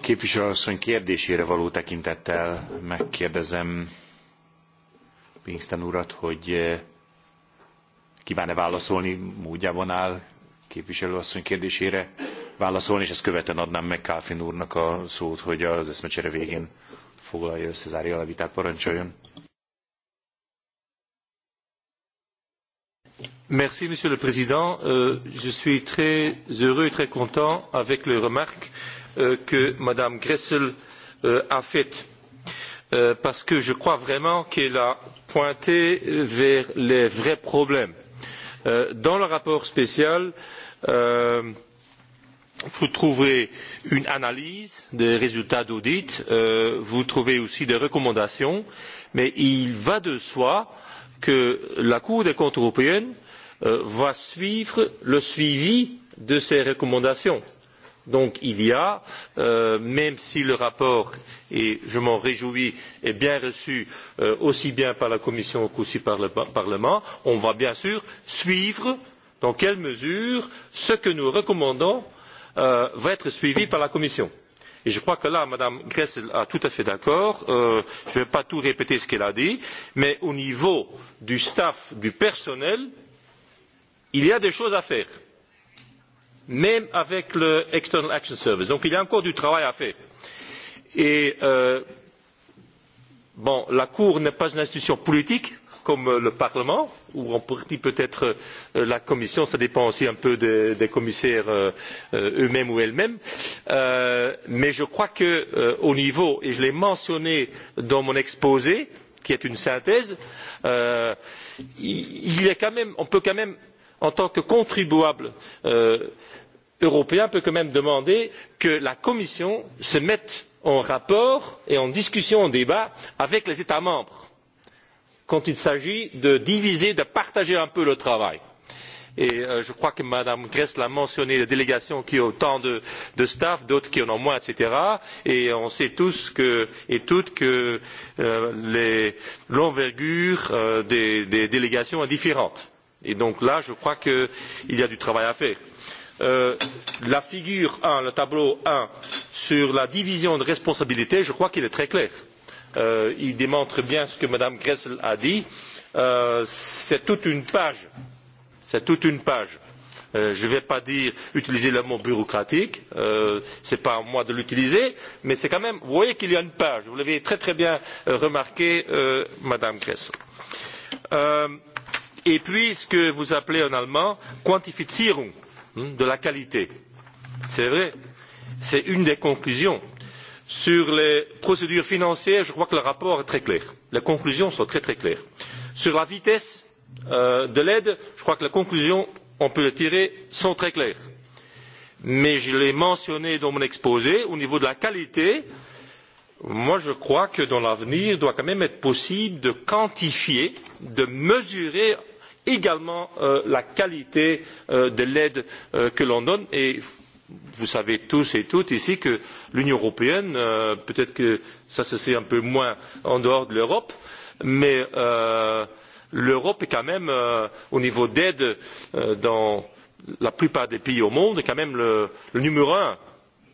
Képviselőasszony kérdésére való tekintettel megkérdezem Pinkston urat, hogy eh, kíván-e válaszolni, módjában áll képviselőasszony kérdésére válaszolni, és ezt követően adnám meg Káfin úrnak a szót, hogy az eszmecsere végén foglalja, összezárja a vitát, parancsoljon. Merci, Monsieur le Président. Euh, je suis très heureux et très content avec les remarques euh, que Madame Gressel euh, a faites, euh, parce que je crois vraiment qu'elle a pointé vers les vrais problèmes. Euh, dans le rapport spécial, euh, vous trouverez une analyse des résultats d'audit, euh, vous trouvez aussi des recommandations, mais il va de soi que la Cour des comptes européenne euh, va suivre le suivi de ces recommandations. Donc il y a, euh, même si le rapport, et je m'en réjouis, est bien reçu euh, aussi bien par la Commission qu'aussi par le Parlement, on va bien sûr suivre dans quelle mesure ce que nous recommandons euh, euh, va être suivi par la commission. Et je crois que là, Mme Gressel a tout à fait d'accord. Euh, je ne vais pas tout répéter ce qu'elle a dit, mais au niveau du staff, du personnel, il y a des choses à faire, même avec le External Action Service. Donc il y a encore du travail à faire. Et euh, bon, la Cour n'est pas une institution politique comme le Parlement ou en partie peut-être euh, la Commission, ça dépend aussi un peu des, des commissaires euh, euh, eux-mêmes ou elles-mêmes. Euh, mais je crois que euh, au niveau, et je l'ai mentionné dans mon exposé, qui est une synthèse, euh, il est quand même, on peut quand même, en tant que contribuable euh, européen, peut quand même demander que la Commission se mette en rapport et en discussion, en débat avec les États membres quand il s'agit de diviser de partager un peu le travail et euh, je crois que mme grle a mentionné des délégations qui ont autant de, de staff d'autres qui en ont moins etc. et on sait tous que, et toutes que euh, l'envergure euh, des, des délégations est différente et donc là je crois qu'il y a du travail à faire. Euh, la figure un le tableau un sur la division de responsabilités je crois qu'il est très clair euh, il démontre bien ce que mme grle a dit euh, c'est toute une page c'est toute une page euh, je ne vais pas dire utiliser le mot bureaucratique, euh, ce n'est pas à moi de l'utiliser, mais c'est quand même, vous voyez qu'il y a une page, vous l'avez très très bien euh, remarqué, euh, Madame Gressel. Euh, et puis ce que vous appelez en allemand Quantifizierung, de la qualité. C'est vrai, c'est une des conclusions Sur les procédures financières, je crois que le rapport est très clair. Les conclusions sont très très claires. Sur la vitesse euh, de l'aide, je crois que les conclusions, on peut les tirer, sont très claires. Mais je l'ai mentionné dans mon exposé, au niveau de la qualité, moi je crois que dans l'avenir, il doit quand même être possible de quantifier, de mesurer également euh, la qualité euh, de l'aide euh, que l'on donne et vous savez tous et toutes ici que l'Union européenne, euh, peut-être que ça se sait un peu moins en dehors de l'Europe, mais euh, l'Europe est quand même, euh, au niveau d'aide euh, dans la plupart des pays au monde, est quand même le, le numéro un.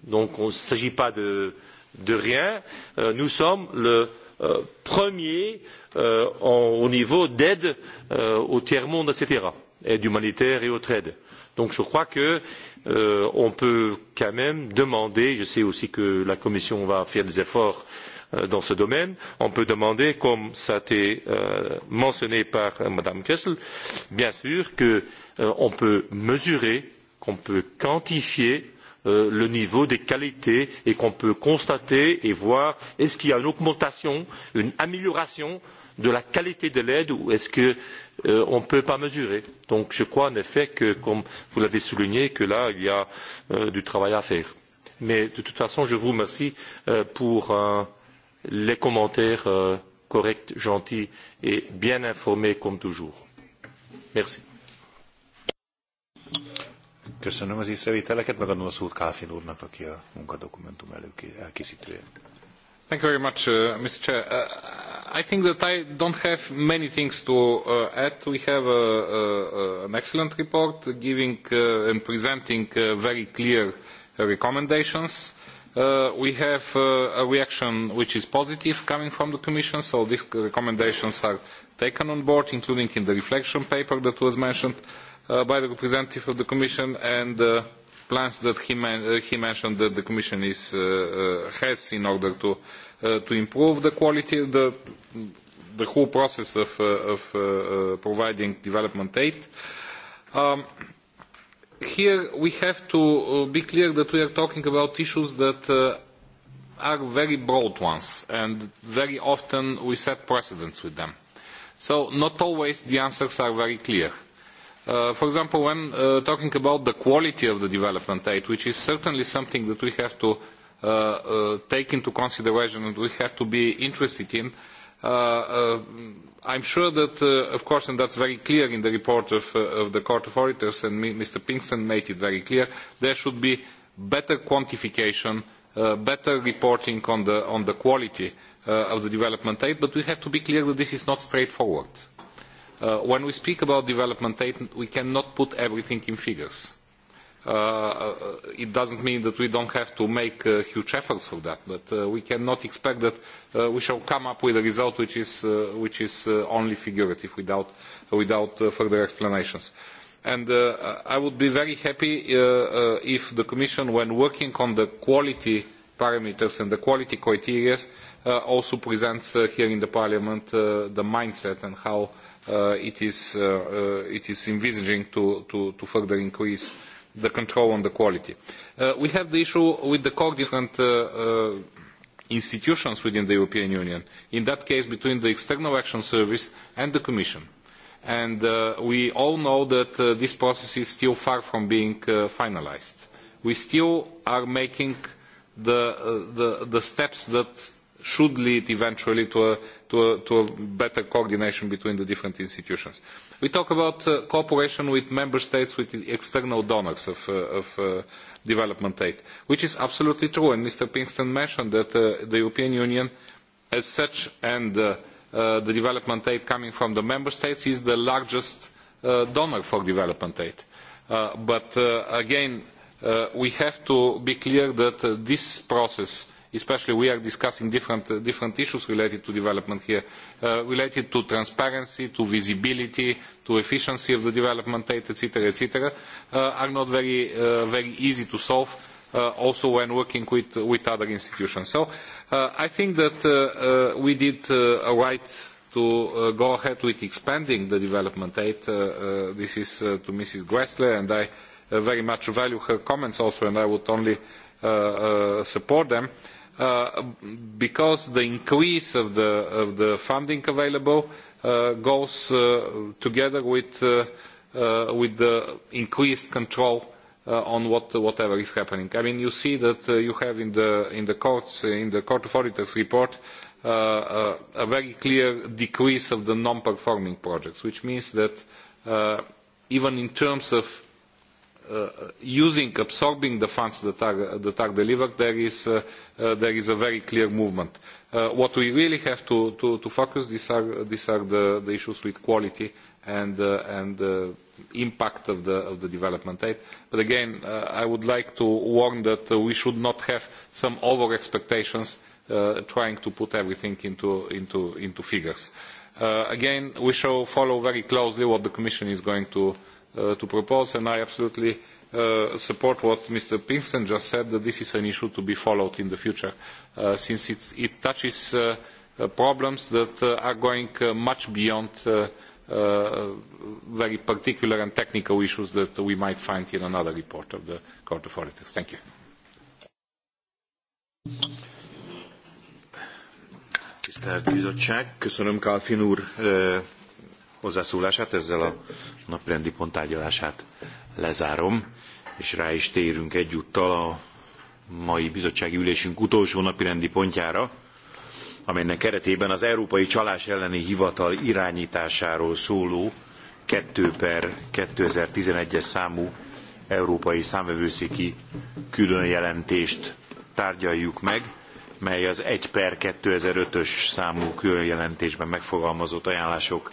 Donc il ne s'agit pas de, de rien. Euh, nous sommes le euh, premier euh, en, au niveau d'aide euh, au tiers-monde, etc., aide humanitaire et autre aide. Euh, donc je crois que euh, on peut quand même demander je sais aussi que la commission va faire des efforts euh, dans ce domaine on peut demander comme ça a été euh, mentionné par euh, madame Kessel bien sûr que euh, on peut mesurer qu'on peut quantifier euh, le niveau des qualités et qu'on peut constater et voir est-ce qu'il y a une augmentation, une amélioration euh, de la qualité de l'aide ou est-ce qu'on euh, ne peut pas mesurer Donc je crois en effet que, comme vous l'avez souligné, que là, il y a euh, du travail à faire. Mais de toute façon, je vous remercie euh, pour euh, les commentaires euh, corrects, gentils et bien informés comme toujours. Merci. Köszönöm az észrevételeket, megadom a szót Kálfin úrnak, aki a munkadokumentum előkészítője. Thank you very much, uh, Mr. Chair. Uh, I think that I don't have many things to uh, add. We have a, a, a, an excellent report giving uh, and presenting uh, very clear uh, recommendations. Uh, we have uh, a reaction which is positive coming from the Commission, so these recommendations are taken on board, including in the reflection paper that was mentioned uh, by the representative of the Commission and uh, plans that he, man uh, he mentioned that the Commission is, uh, uh, has in order to uh, uh, to improve the quality, the, the whole process of, uh, of uh, uh providing development aid. Um, here we have to uh, be clear that we are talking about issues that uh, are very broad ones and very often we set precedents with them. So not always the answers are very clear. Uh, for example, when uh, talking about the quality of the development aid, which is certainly something that we have to uh, uh, take into consideration and we have to be interested in. Uh, uh, I'm sure that, uh, of course, and that's very clear in the report of, uh, of the Court of Auditors, and me, Mr. Pinkston made it very clear, there should be better quantification, uh, better reporting on the, on the quality uh, of the development aid, but we have to be clear that this is not straightforward. Uh, when we speak about development aid, we cannot put everything in figures Uh, uh, it doesn't mean that we don't have to make uh, huge efforts for that, but uh, we cannot expect that uh, we shall come up with a result which is, uh, which is uh, only figurative without, without uh, further explanations. And uh, I would be very happy uh, uh, if the Commission, when working on the quality parameters and the quality criteria, uh, also presents uh, here in the Parliament uh, the mindset and how uh, it, is, uh, uh, it is envisaging to, to, to further increase uh, the control on the quality. Uh, we have the issue with the cognizant uh, uh, institutions within the European Union, in that case between the External Action Service and the Commission. And uh, we all know that uh, this process is still far from being uh, finalized. We still are making the, uh, the, the steps that should lead eventually to a, to a, to a better coordination between the different institutions. We talk about uh, cooperation with member states, with the external donors of, uh, of uh, development aid, which is absolutely true. And Mr. Pinkston mentioned that uh, the European Union as such and uh, uh, the development aid coming from the member states is the largest uh, donor for development aid. Uh, but uh, again, uh, we have to be clear that uh, this process uh, especially we are discussing different, uh, different issues related to development here, uh, related to transparency, to visibility, to efficiency of the development aid, etc., etc., uh, are not very, uh, very easy to solve. Uh, also when working with, with other institutions. So uh, I think that uh, uh, we did uh, a right to uh, go ahead with expanding the development aid. Uh, uh, this is uh, to Mrs. Gressler, and I uh, very much value her comments also, and I would only uh, uh, support them. Uh, uh, because the increase of the, of the funding available uh, goes uh, together with, uh, uh, with the increased control uh, on what, whatever is happening. I mean, you see that uh, you have in the, in the courts, in the Court of Auditors report, uh, uh, a very clear decrease of the non-performing projects, which means that uh, even in terms of uh, using, absorbing the funds that are, that are delivered, there is, uh, uh, there is a very clear movement. Uh, what we really have to, to, to focus, these are, these are the, the issues with quality and, uh, and uh, impact of the, of the development aid. But again, uh, I would like to warn that uh, we should not have some over expectations uh, trying to put everything into, into, into figures. Uh, again, we shall follow very closely what the Commission is going to, uh, uh, to propose, and I absolutely uh, support what Mr. Pinkston just said, that this is an issue to be followed in the future, uh, since it, it touches uh, uh, problems that uh, are going uh, much beyond uh, uh, very particular and technical issues that we might find in another report of the Court of Auditors. Thank you. Tisztelt Bizottság, köszönöm Kálfin úr uh, hozzászólását, ezzel a naprendi pont tárgyalását lezárom, és rá is térünk egyúttal a mai bizottsági ülésünk utolsó napirendi pontjára, amelynek keretében az Európai Csalás elleni Hivatal irányításáról szóló 2 per 2011-es számú európai számvevőszéki különjelentést tárgyaljuk meg, mely az 1 per 2005-ös számú különjelentésben megfogalmazott ajánlások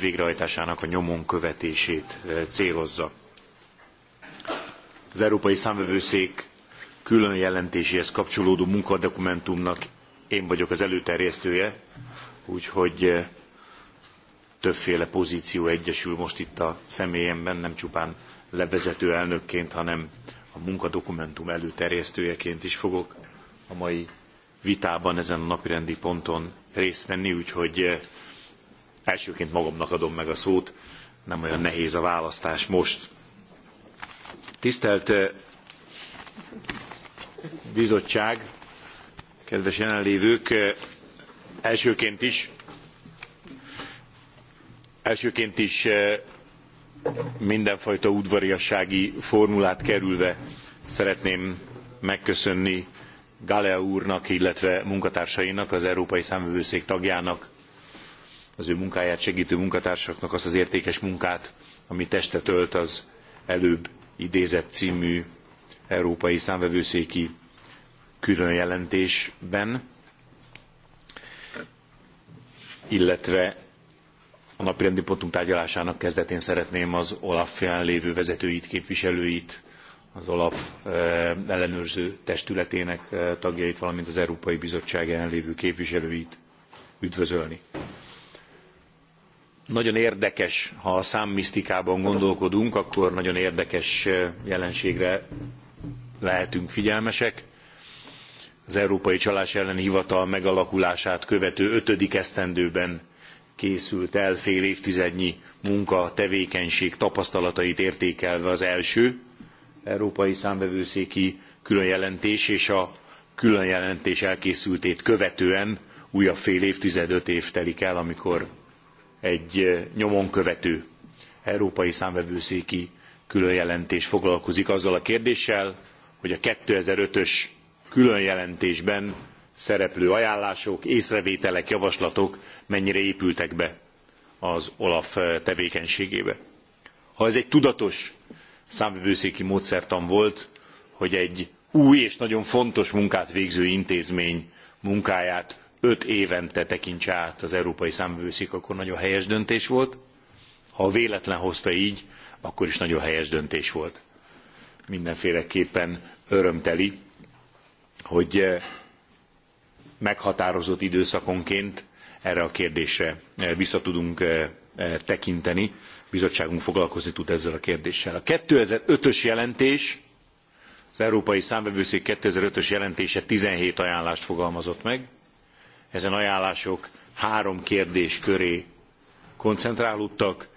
végrehajtásának a nyomon követését célozza. Az Európai Számvevőszék külön jelentéséhez kapcsolódó munkadokumentumnak én vagyok az előterjesztője, úgyhogy többféle pozíció egyesül most itt a személyemben, nem csupán levezető elnökként, hanem a munkadokumentum előterjesztőjeként is fogok a mai vitában ezen a napirendi ponton részt venni, úgyhogy Elsőként magamnak adom meg a szót, nem olyan nehéz a választás most. Tisztelt bizottság, kedves jelenlévők, elsőként is, elsőként is mindenfajta udvariassági formulát kerülve szeretném megköszönni Galea úrnak, illetve munkatársainak, az Európai Számvevőszék tagjának az ő munkáját segítő munkatársaknak azt az értékes munkát, ami testet ölt az előbb idézett című európai számvevőszéki külön jelentésben, illetve a napirendi pontunk tárgyalásának kezdetén szeretném az olaf jelen lévő vezetőit, képviselőit, az olaf eh, ellenőrző testületének eh, tagjait, valamint az Európai Bizottság jelen lévő képviselőit üdvözölni. Nagyon érdekes, ha a számmisztikában gondolkodunk, akkor nagyon érdekes eh, jelenségre lehetünk figyelmesek. Az Európai Csalás elleni Hivatal megalakulását követő ötödik esztendőben készült el fél évtizednyi munka, tevékenység tapasztalatait értékelve az első európai számvevőszéki különjelentés és a különjelentés elkészültét követően újabb fél évtized, öt év telik el, amikor egy nyomon követő európai számvevőszéki különjelentés foglalkozik azzal a kérdéssel, hogy a 2005-ös különjelentésben szereplő ajánlások, észrevételek, javaslatok mennyire épültek be az OLAF tevékenységébe. Ha ez egy tudatos számvevőszéki módszertan volt, hogy egy új és nagyon fontos munkát végző intézmény munkáját öt évente tekintse át az Európai Számvőszék, akkor nagyon helyes döntés volt. Ha véletlen hozta így, akkor is nagyon helyes döntés volt. Mindenféleképpen örömteli, hogy eh, meghatározott időszakonként erre a kérdésre eh, vissza tudunk eh, tekinteni. Bizottságunk foglalkozni tud ezzel a kérdéssel. A 2005-ös jelentés, az Európai Számvevőszék 2005-ös jelentése 17 ajánlást fogalmazott meg ezen ajánlások három kérdés köré koncentrálódtak.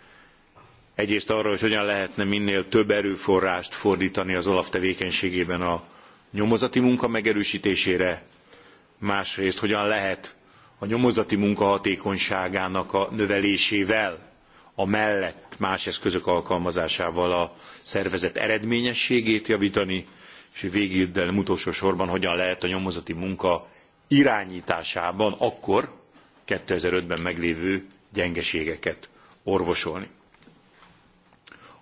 Egyrészt arra, hogy hogyan lehetne minél több erőforrást fordítani az OLAF tevékenységében a nyomozati munka megerősítésére, másrészt hogyan lehet a nyomozati munka hatékonyságának a növelésével, a mellett más eszközök alkalmazásával a szervezet eredményességét javítani, és végül, de nem utolsó sorban, hogyan lehet a nyomozati munka irányításában akkor 2005-ben meglévő gyengeségeket orvosolni.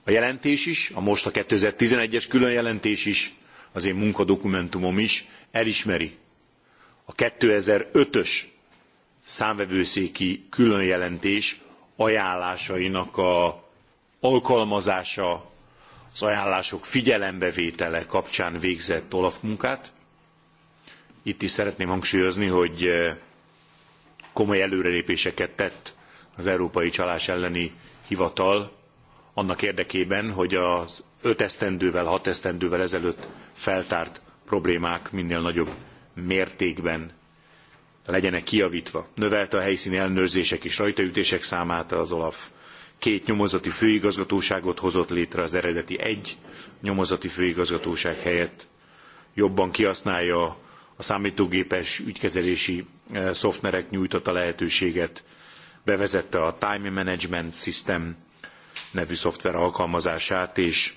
A jelentés is, a most a 2011-es külön jelentés is, az én munkadokumentumom is elismeri a 2005-ös számvevőszéki különjelentés ajánlásainak a alkalmazása, az ajánlások figyelembevétele kapcsán végzett Olaf munkát, Itt is szeretném hangsúlyozni, hogy eh, komoly előrelépéseket tett az Európai Csalás elleni hivatal annak érdekében, hogy az öt esztendővel, hat esztendővel ezelőtt feltárt problémák minél nagyobb mértékben legyenek kijavítva. Növelte a helyszíni ellenőrzések és rajtaütések számát az OLAF. Két nyomozati főigazgatóságot hozott létre az eredeti egy nyomozati főigazgatóság helyett. Jobban kihasználja a számítógépes ügykezelési e, szoftverek nyújtotta lehetőséget, bevezette a Time Management System nevű szoftver alkalmazását, és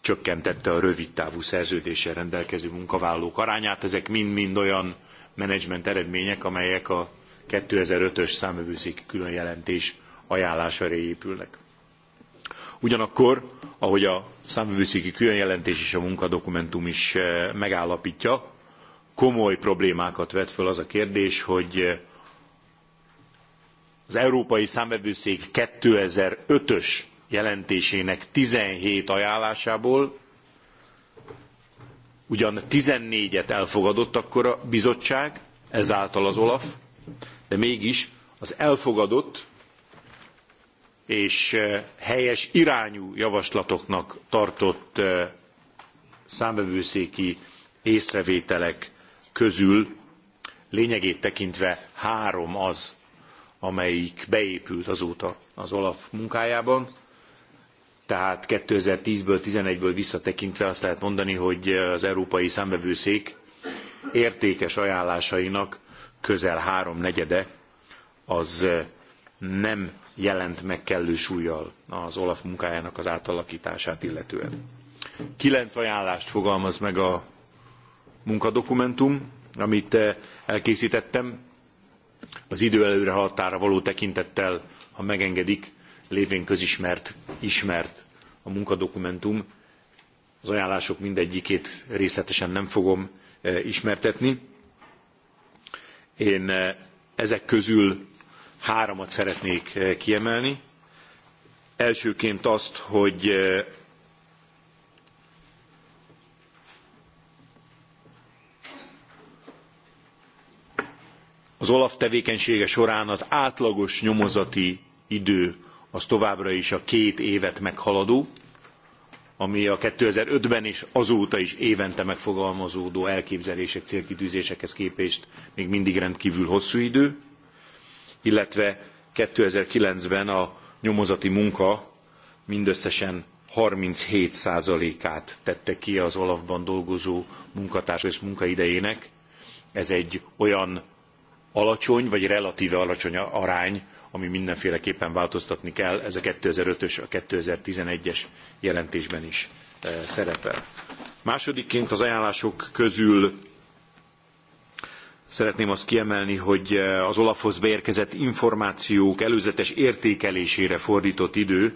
csökkentette a rövid távú szerződéssel rendelkező munkavállalók arányát. Ezek mind-mind olyan menedzsment eredmények, amelyek a 2005-ös számövőszéki külön jelentés ajánlására épülnek. Ugyanakkor, ahogy a számövőszéki külön jelentés és a munkadokumentum is e, megállapítja, komoly problémákat vet föl az a kérdés, hogy eh, az Európai Számvevőszék 2005-ös jelentésének 17 ajánlásából ugyan 14-et elfogadott akkor a bizottság, ezáltal az Olaf, de mégis az elfogadott és eh, helyes irányú javaslatoknak tartott eh, számvevőszéki észrevételek közül lényegét tekintve három az, amelyik beépült azóta az Olaf munkájában. Tehát 2010-ből, 11-ből visszatekintve azt lehet mondani, hogy az Európai Számbevőszék értékes ajánlásainak közel háromnegyede az nem jelent meg kellő súlyjal az Olaf munkájának az átalakítását illetően. Kilenc ajánlást fogalmaz meg a munkadokumentum, amit elkészítettem, az idő előre határa való tekintettel, ha megengedik, lévén közismert, ismert a munkadokumentum. Az ajánlások mindegyikét részletesen nem fogom e, ismertetni. Én e, ezek közül háromat szeretnék e, kiemelni. Elsőként azt, hogy Az OLAF tevékenysége során az átlagos nyomozati idő az továbbra is a két évet meghaladó, ami a 2005-ben és azóta is évente megfogalmazódó elképzelések, célkitűzésekhez képest még mindig rendkívül hosszú idő, illetve 2009-ben a nyomozati munka mindösszesen 37%-át tette ki az Olafban dolgozó munkatárs és munkaidejének. Ez egy olyan alacsony vagy relatíve alacsony arány, ami mindenféleképpen változtatni kell, ez a 2005-ös, a 2011-es jelentésben is e, szerepel. Másodikként az ajánlások közül Szeretném azt kiemelni, hogy e, az Olafhoz beérkezett információk előzetes értékelésére fordított idő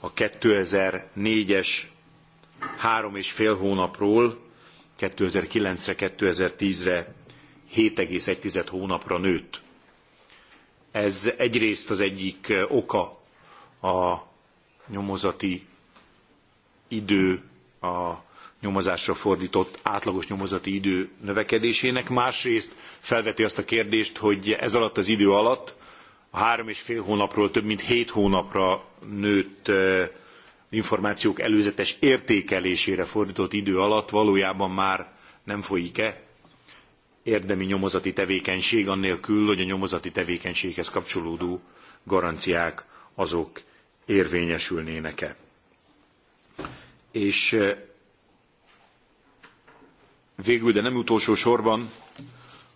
a 2004-es három és fél hónapról 2009-re, 2010-re 7,1 hónapra nőtt. Ez egyrészt az egyik eh, oka a nyomozati idő, a nyomozásra fordított átlagos nyomozati idő növekedésének, másrészt felveti azt a kérdést, hogy ez alatt az idő alatt a három és fél hónapról több mint hét hónapra nőtt eh, információk előzetes értékelésére fordított idő alatt valójában már nem folyik-e érdemi nyomozati tevékenység, annélkül, hogy a nyomozati tevékenységhez kapcsolódó garanciák azok érvényesülnének-e. És eh, végül, de nem utolsó sorban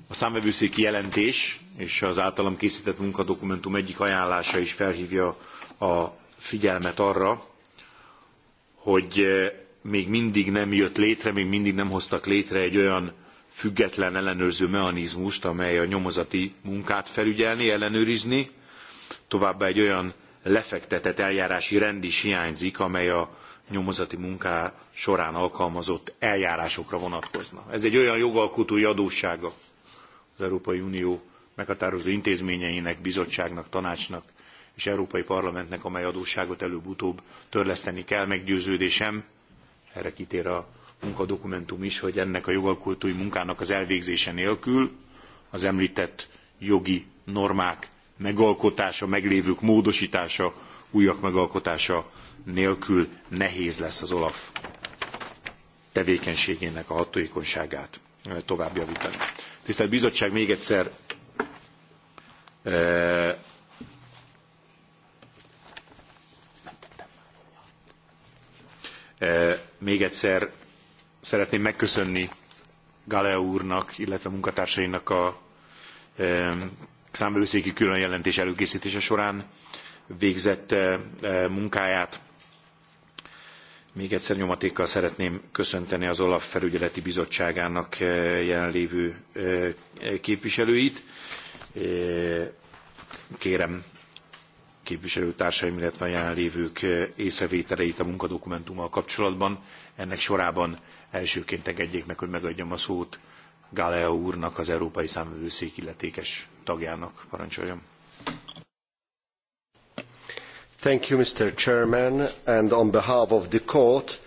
a számvevőszéki jelentés és az általam készített munkadokumentum egyik ajánlása is felhívja a figyelmet arra, hogy eh, még mindig nem jött létre, még mindig nem hoztak létre egy olyan független ellenőrző mechanizmust, amely a nyomozati munkát felügyelni, ellenőrizni, továbbá egy olyan lefektetett eljárási rend is hiányzik, amely a nyomozati munká során alkalmazott eljárásokra vonatkozna. Ez egy olyan jogalkotói adóssága az Európai Unió meghatározó intézményeinek, bizottságnak, tanácsnak és Európai Parlamentnek, amely adósságot előbb-utóbb törleszteni kell, meggyőződésem, erre kitér a munkadokumentum is, hogy ennek a jogalkotói munkának az elvégzése nélkül az említett jogi normák megalkotása, meglévők módosítása, újak megalkotása nélkül nehéz lesz az OLAF tevékenységének a hatóikonságát eh, tovább javítani. Tisztelt Bizottság, még egyszer e még egyszer szeretném megköszönni Galea úrnak, illetve a munkatársainak a számbevőszéki külön jelentés előkészítése során végzett eh, eh, munkáját. Még egyszer nyomatékkal szeretném köszönteni az OLAF felügyeleti bizottságának eh, jelenlévő képviselőit. Kérem képviselőtársaim, illetve a jelenlévők észrevételeit a munkadokumentummal kapcsolatban. Ennek sorában Elsőként engedjék meg, hogy megadjam a szót Galea úrnak, az Európai Számvevőszék illetékes tagjának. Parancsoljon! Thank you, Mr. Chairman, and on behalf of the Court,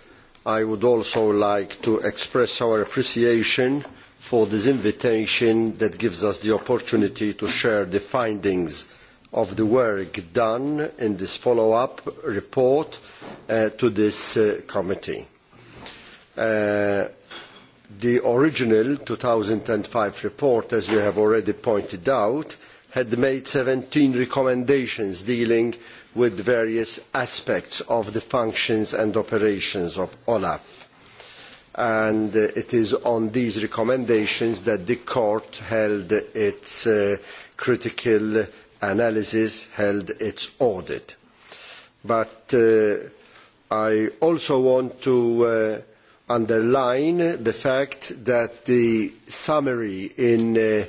I would also like to express our appreciation for this invitation that gives us the opportunity to share the findings of the work done in this follow-up report uh, to this uh, committee. Uh, the original 2005 report, as you have already pointed out, had made 17 recommendations dealing with various aspects of the functions and operations of olaf and uh, it is on these recommendations that the court held its uh, critical analysis held its audit but uh, i also want to uh, underline the fact that the summary in uh,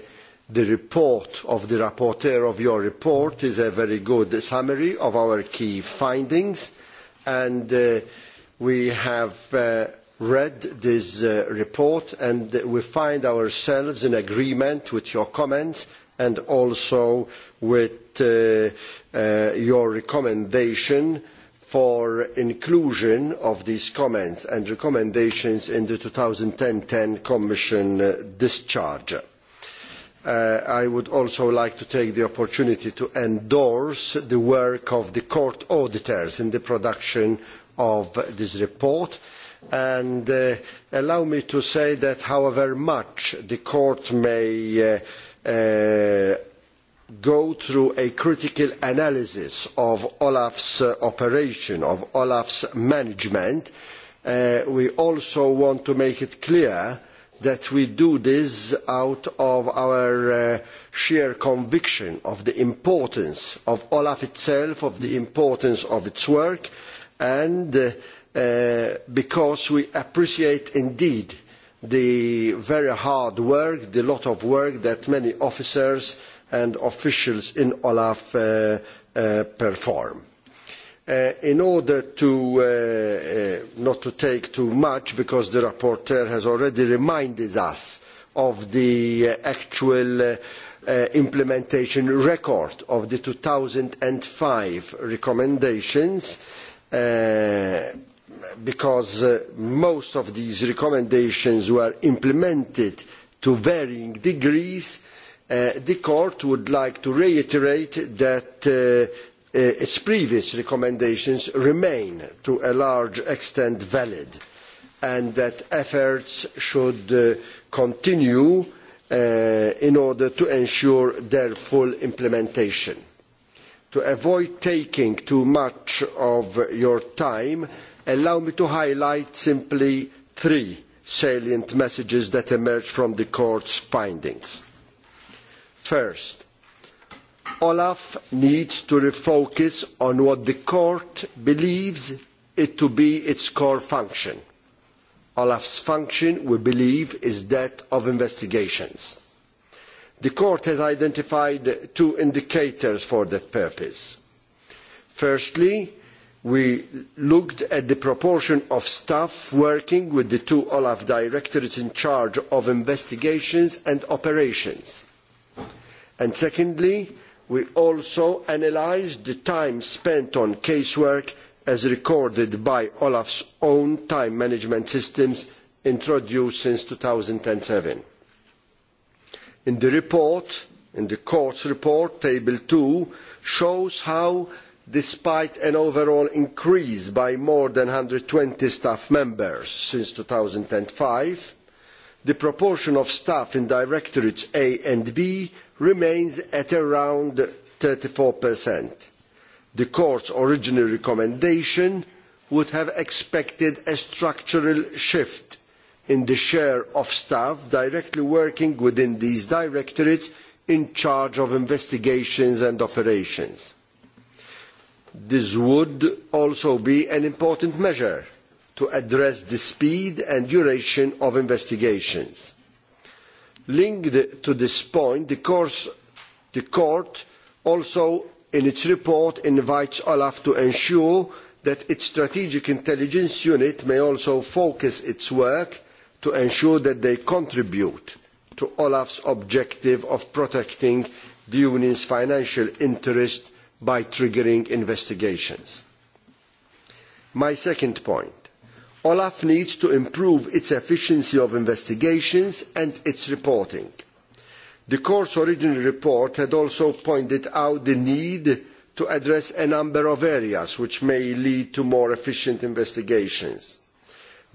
the report of the rapporteur of your report is a very good summary of our key findings and uh, we have uh, read this uh, report and we find ourselves in agreement with your comments and also with uh, uh, your recommendation for inclusion of these comments and recommendations in the 2010-10 Commission uh, discharge. Uh, I would also like to take the opportunity to endorse the work of the court auditors in the production of this report and uh, allow me to say that however much the court may uh, uh go through a critical analysis of olaf's uh, operation of olaf's management uh, we also want to make it clear that we do this out of our uh, sheer conviction of the importance of olaf itself of the importance of its work and uh, because we appreciate indeed the very hard work the lot of work that many officers uh, and officials in Olaf uh, uh, perform. Uh, in order to, uh, uh, not to take too much, because the rapporteur has already reminded us of the uh, actual uh, uh, implementation record of the 2005 recommendations, uh, because uh, most of these recommendations were implemented to varying degrees, uh, Uh, the court would like to reiterate that uh, uh, its previous recommendations remain to a large extent valid and that efforts should continue in order to ensure their full implementation. to avoid taking too much of your time allow me to highlight simply three salient messages that emerge from the court's findings first olaf needs to refocus on what the court believes it to be its core function. olaf's function we believe is that of investigations. the court has identified two indicators for that purpose. firstly we looked at the proportion of staff working with the two olaf directorates in charge of investigations and operations and secondly we also analysed the time spent on casework as recorded by olaf's own time management systems introduced since. two thousand and seven in the report in the court's report table two shows how despite an overall increase by more than one hundred and twenty staff members since two thousand and five the proportion of staff in directorates a and b remains at around 34%. The court's original recommendation would have expected a structural shift in the share of staff directly working within these directorates in charge of investigations and operations. This would also be an important measure to address the speed and duration of investigations linked to this point the, course, the court also in its report invites olaf to ensure that its strategic intelligence unit may also focus its work to ensure that they contribute to olaf's objective of protecting the union's financial interest by triggering investigations. my second point olaf needs to improve its efficiency of investigations and its reporting. the court's original report had also pointed out the need to address a number of areas which may lead to more efficient investigations.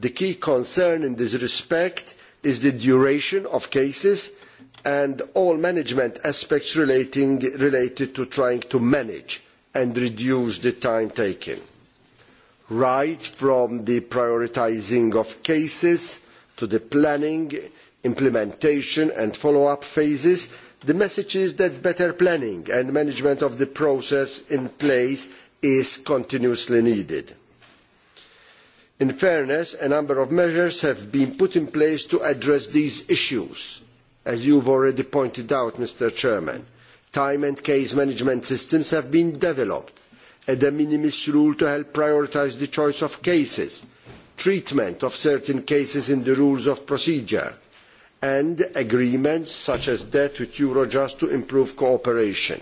the key concern in this respect is the duration of cases and all management aspects relating, related to trying to manage and reduce the time taken right from the prioritising of cases to the planning implementation and follow up phases the message is that better planning and management of the process in place is continuously needed. in fairness a number of measures have been put in place to address these issues as you have already pointed out mr president. time and case management systems have been developed a de minimis rule to help prioritise the choice of cases treatment of certain cases in the rules of procedure and agreements such as that with eurojust to improve cooperation.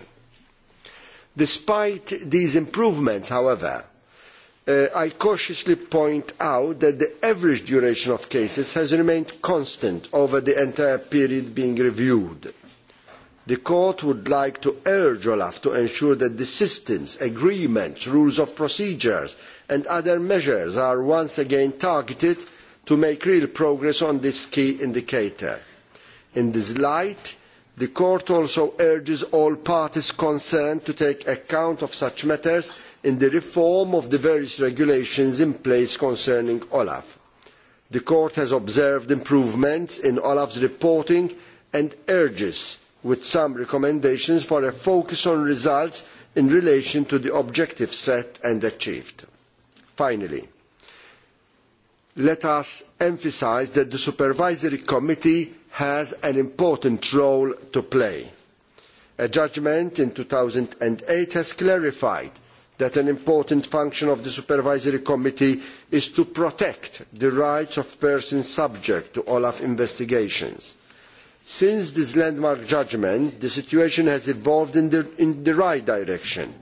despite these improvements however uh, i cautiously point out that the average duration of cases has remained constant over the entire period being reviewed the court would like to urge olaf to ensure that the systems agreements rules of procedure and other measures are once again targeted to make real progress on this key indicator. in this light the court also urges all parties concerned to take account of such matters in the reform of the various regulations in place concerning olaf. the court has observed improvements in olaf's reporting and urges with some recommendations for a focus on results in relation to the objectives set and achieved. finally let us emphasise that the supervisory committee has an important role to play. a judgment in two thousand and eight has clarified that an important function of the supervisory committee is to protect the rights of persons subject to olaf investigations since this landmark judgment the situation has evolved in the, in the right direction.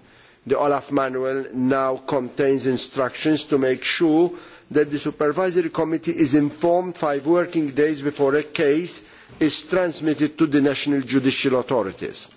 the olaf manual now contains instructions to make sure that the supervisory committee is informed five working days before a case is transmitted to the national judicial authorities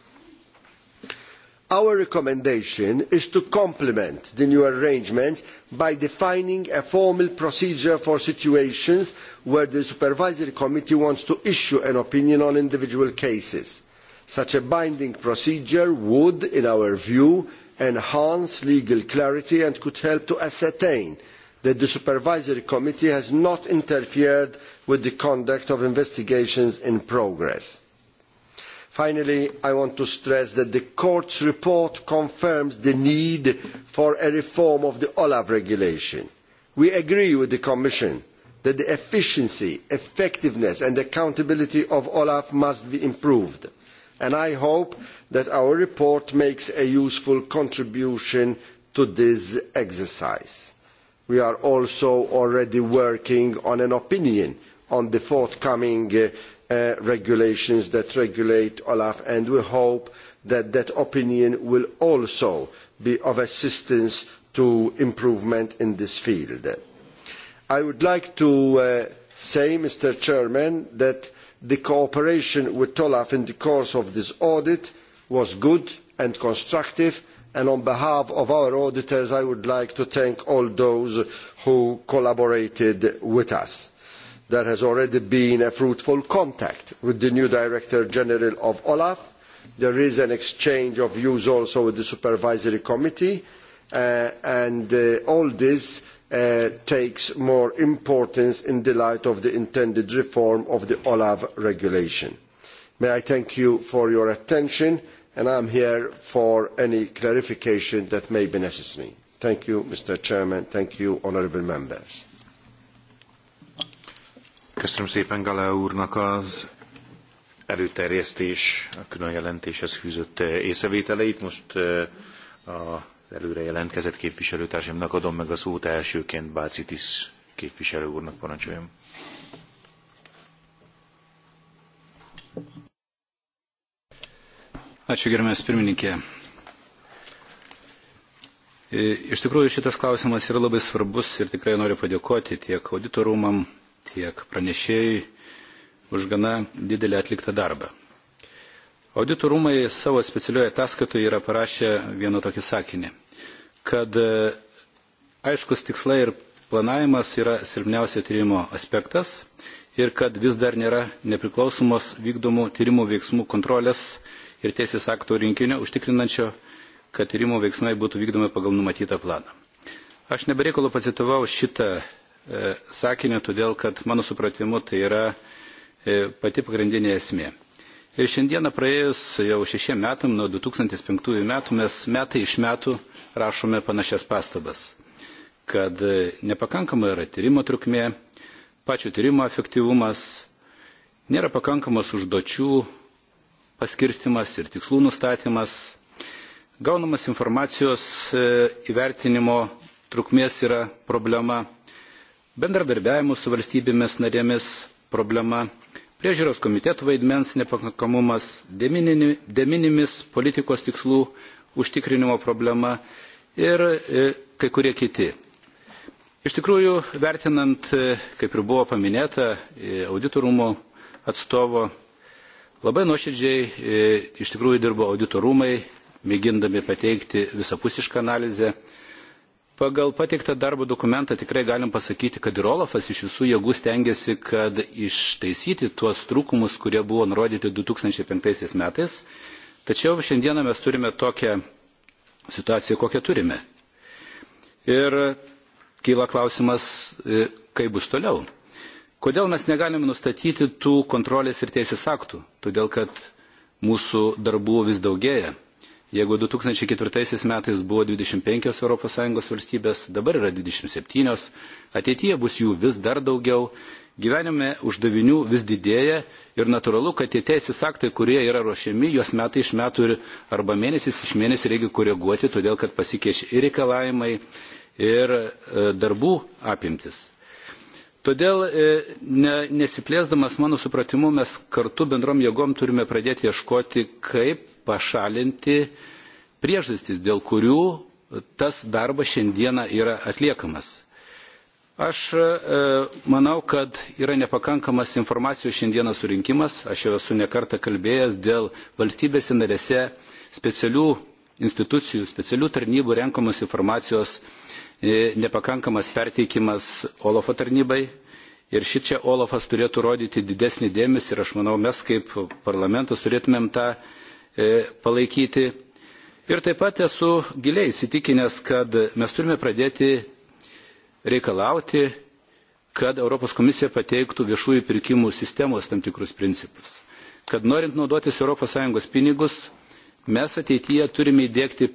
our recommendation is to complement the new arrangements by defining a formal procedure for situations where the supervisory committee wants to issue an opinion on individual cases. such a binding procedure would in our view enhance legal clarity and could help to ascertain that the supervisory committee has not interfered with the conduct of investigations in progress finally i want to stress that the court's report confirms the need for a reform of the olaf regulation. we agree with the commission that the efficiency effectiveness and accountability of olaf must be improved and i hope that our report makes a useful contribution to this exercise. we are also already working on an opinion on the forthcoming uh, uh, regulations that regulate olaf and we hope that that opinion will also be of assistance to improvement in this field. i would like to uh, say mr chairman that the cooperation with olaf in the course of this audit was good and constructive and on behalf of our auditors i would like to thank all those who collaborated with us there has already been a fruitful contact with the new director general of olaf there is an exchange of views also with the supervisory committee uh, and uh, all this uh, takes more importance in the light of the intended reform of the olaf regulation. may i thank you for your attention and i am here for any clarification that may be necessary. thank you mr president thank you honourable members. Köszönöm szépen Galá úrnak az előterjesztés, a külön jelentéshez fűzött eh, észrevételeit. Most eh, az előre jelentkezett képviselőtársamnak adom meg a szót elsőként Bácitis képviselő úrnak parancsoljon. Ačiū gerbiamas pirmininkė. E, iš tikrųjų šitas klausimas yra labai svarbus ir tikrai noriu padėkoti tiek auditorumam, tiek pranešėjai už gana didelį atliktą darbą. Auditų rūmai savo specialioje ataskaitoje yra parašę vieną tokį sakinį, kad e, aiškus tikslai ir planavimas yra silpniausio tyrimo aspektas ir kad vis dar nėra nepriklausomos vykdomų tyrimų veiksmų kontrolės ir teisės aktų rinkinio užtikrinančio, kad tyrimų veiksmai būtų vykdomi pagal numatytą planą. Aš nebereikalu pacitavau šitą E, sakinį, todėl kad mano supratimu tai yra e, pati pagrindinė esmė. Ir šiandieną praėjus jau šešiem metam, nuo 2005 metų, mes metai iš metų rašome panašias pastabas, kad e, nepakankama yra tyrimo trukmė, pačio tyrimo efektyvumas, nėra pakankamas užduočių paskirstimas ir tikslų nustatymas, gaunamas informacijos įvertinimo trukmės yra problema bendradarbiavimo su valstybėmis narėmis problema, priežiūros komitetų vaidmens nepakankamumas, deminimis politikos tikslų užtikrinimo problema ir e, kai kurie kiti. Iš tikrųjų, vertinant, e, kaip ir buvo paminėta, e, auditorumo atstovo, labai nuoširdžiai iš tikrųjų dirbo auditorumai, mėgindami pateikti visapusišką analizę Pagal pateiktą darbo dokumentą tikrai galim pasakyti, kad ir Olafas iš visų jėgų stengiasi, kad ištaisyti tuos trūkumus, kurie buvo nurodyti 2005 metais. Tačiau šiandieną mes turime tokią situaciją, kokią turime. Ir kyla klausimas, e, kaip bus toliau. Kodėl mes negalime nustatyti tų kontrolės ir teisės aktų? Todėl, kad mūsų darbų vis daugėja. Jeigu 2004 metais buvo 25 ES valstybės, dabar yra 27, ateityje bus jų vis dar daugiau, gyvenime uždavinių vis didėja ir natūralu, kad tie teisės aktai, kurie yra ruošiami, juos metai iš metų ir arba mėnesis iš mėnesio reikia koreguoti, todėl kad pasikeičia ir reikalavimai, ir e, darbų apimtis. Todėl e, ne, nesiplėsdamas mano supratimu, mes kartu bendrom jėgom turime pradėti ieškoti, kaip pašalinti priežastis, dėl kurių tas darbas šiandieną yra atliekamas. Aš e, manau, kad yra nepakankamas informacijos šiandieną surinkimas. Aš jau esu nekartą kalbėjęs dėl valstybėse narėse specialių institucijų, specialių tarnybų renkamos informacijos uh, E, nepakankamas perteikimas Olofo tarnybai. Ir šičia Olafas turėtų rodyti didesnį dėmesį ir aš manau, mes kaip parlamentas turėtumėm tą e, palaikyti. Ir taip pat esu giliai įsitikinęs, kad mes turime pradėti reikalauti, kad Europos komisija pateiktų viešųjų pirkimų sistemos tam tikrus principus. Kad norint naudotis ES pinigus, mes ateityje turime įdėkti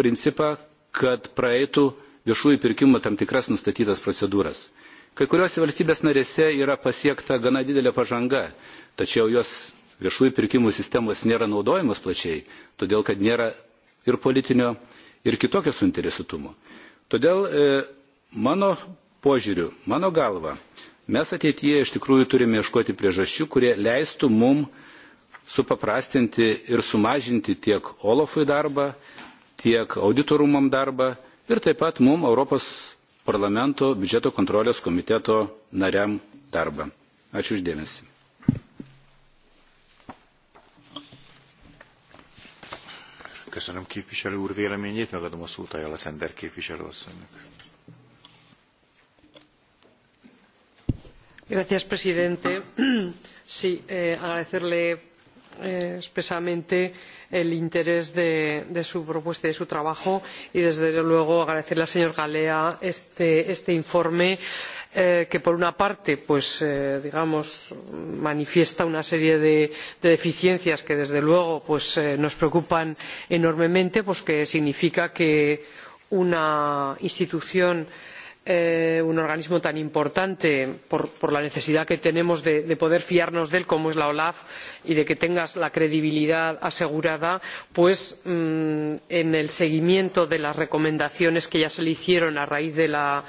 principą, kad praeitų viešųjų pirkimų tam tikras nustatytas procedūras. Kai kuriuose valstybės narėse yra pasiekta gana didelė pažanga, tačiau jos viešųjų pirkimų sistemos nėra naudojamos plačiai, todėl kad nėra ir politinio, ir kitokio suinteresuotumo. Todėl e, mano požiūriu, mano galva, mes ateityje iš tikrųjų turime ieškoti priežasčių, kurie leistų mum supaprastinti ir sumažinti tiek Olofui darbą, tiek auditorumam darbą, ir taip pat mum Europos parlamento biudžeto kontrolės komiteto nariam darbą. Ačiū uždėmesi. Köszönöm képviselő úr véleményét, megadom a szót a Szender képviselőasszonynak. Gracias, presidente. Sí, eh, agradecerle expresamente el interés de, de su propuesta y de su trabajo y desde luego agradecerle al señor gallagher este, este informe eh, que por una parte pues, eh, digamos, manifiesta una serie de, de deficiencias que desde luego pues, eh, nos preocupan enormemente pues que significa que una institución eh, eh, un organismo tan importante por, por la necesidad que tenemos de, de poder fiarnos de él como es la olaf y de que tengas la credibilidad asegurada pues mmm, en el seguimiento de las recomendaciones que ya se le hicieron a raíz de la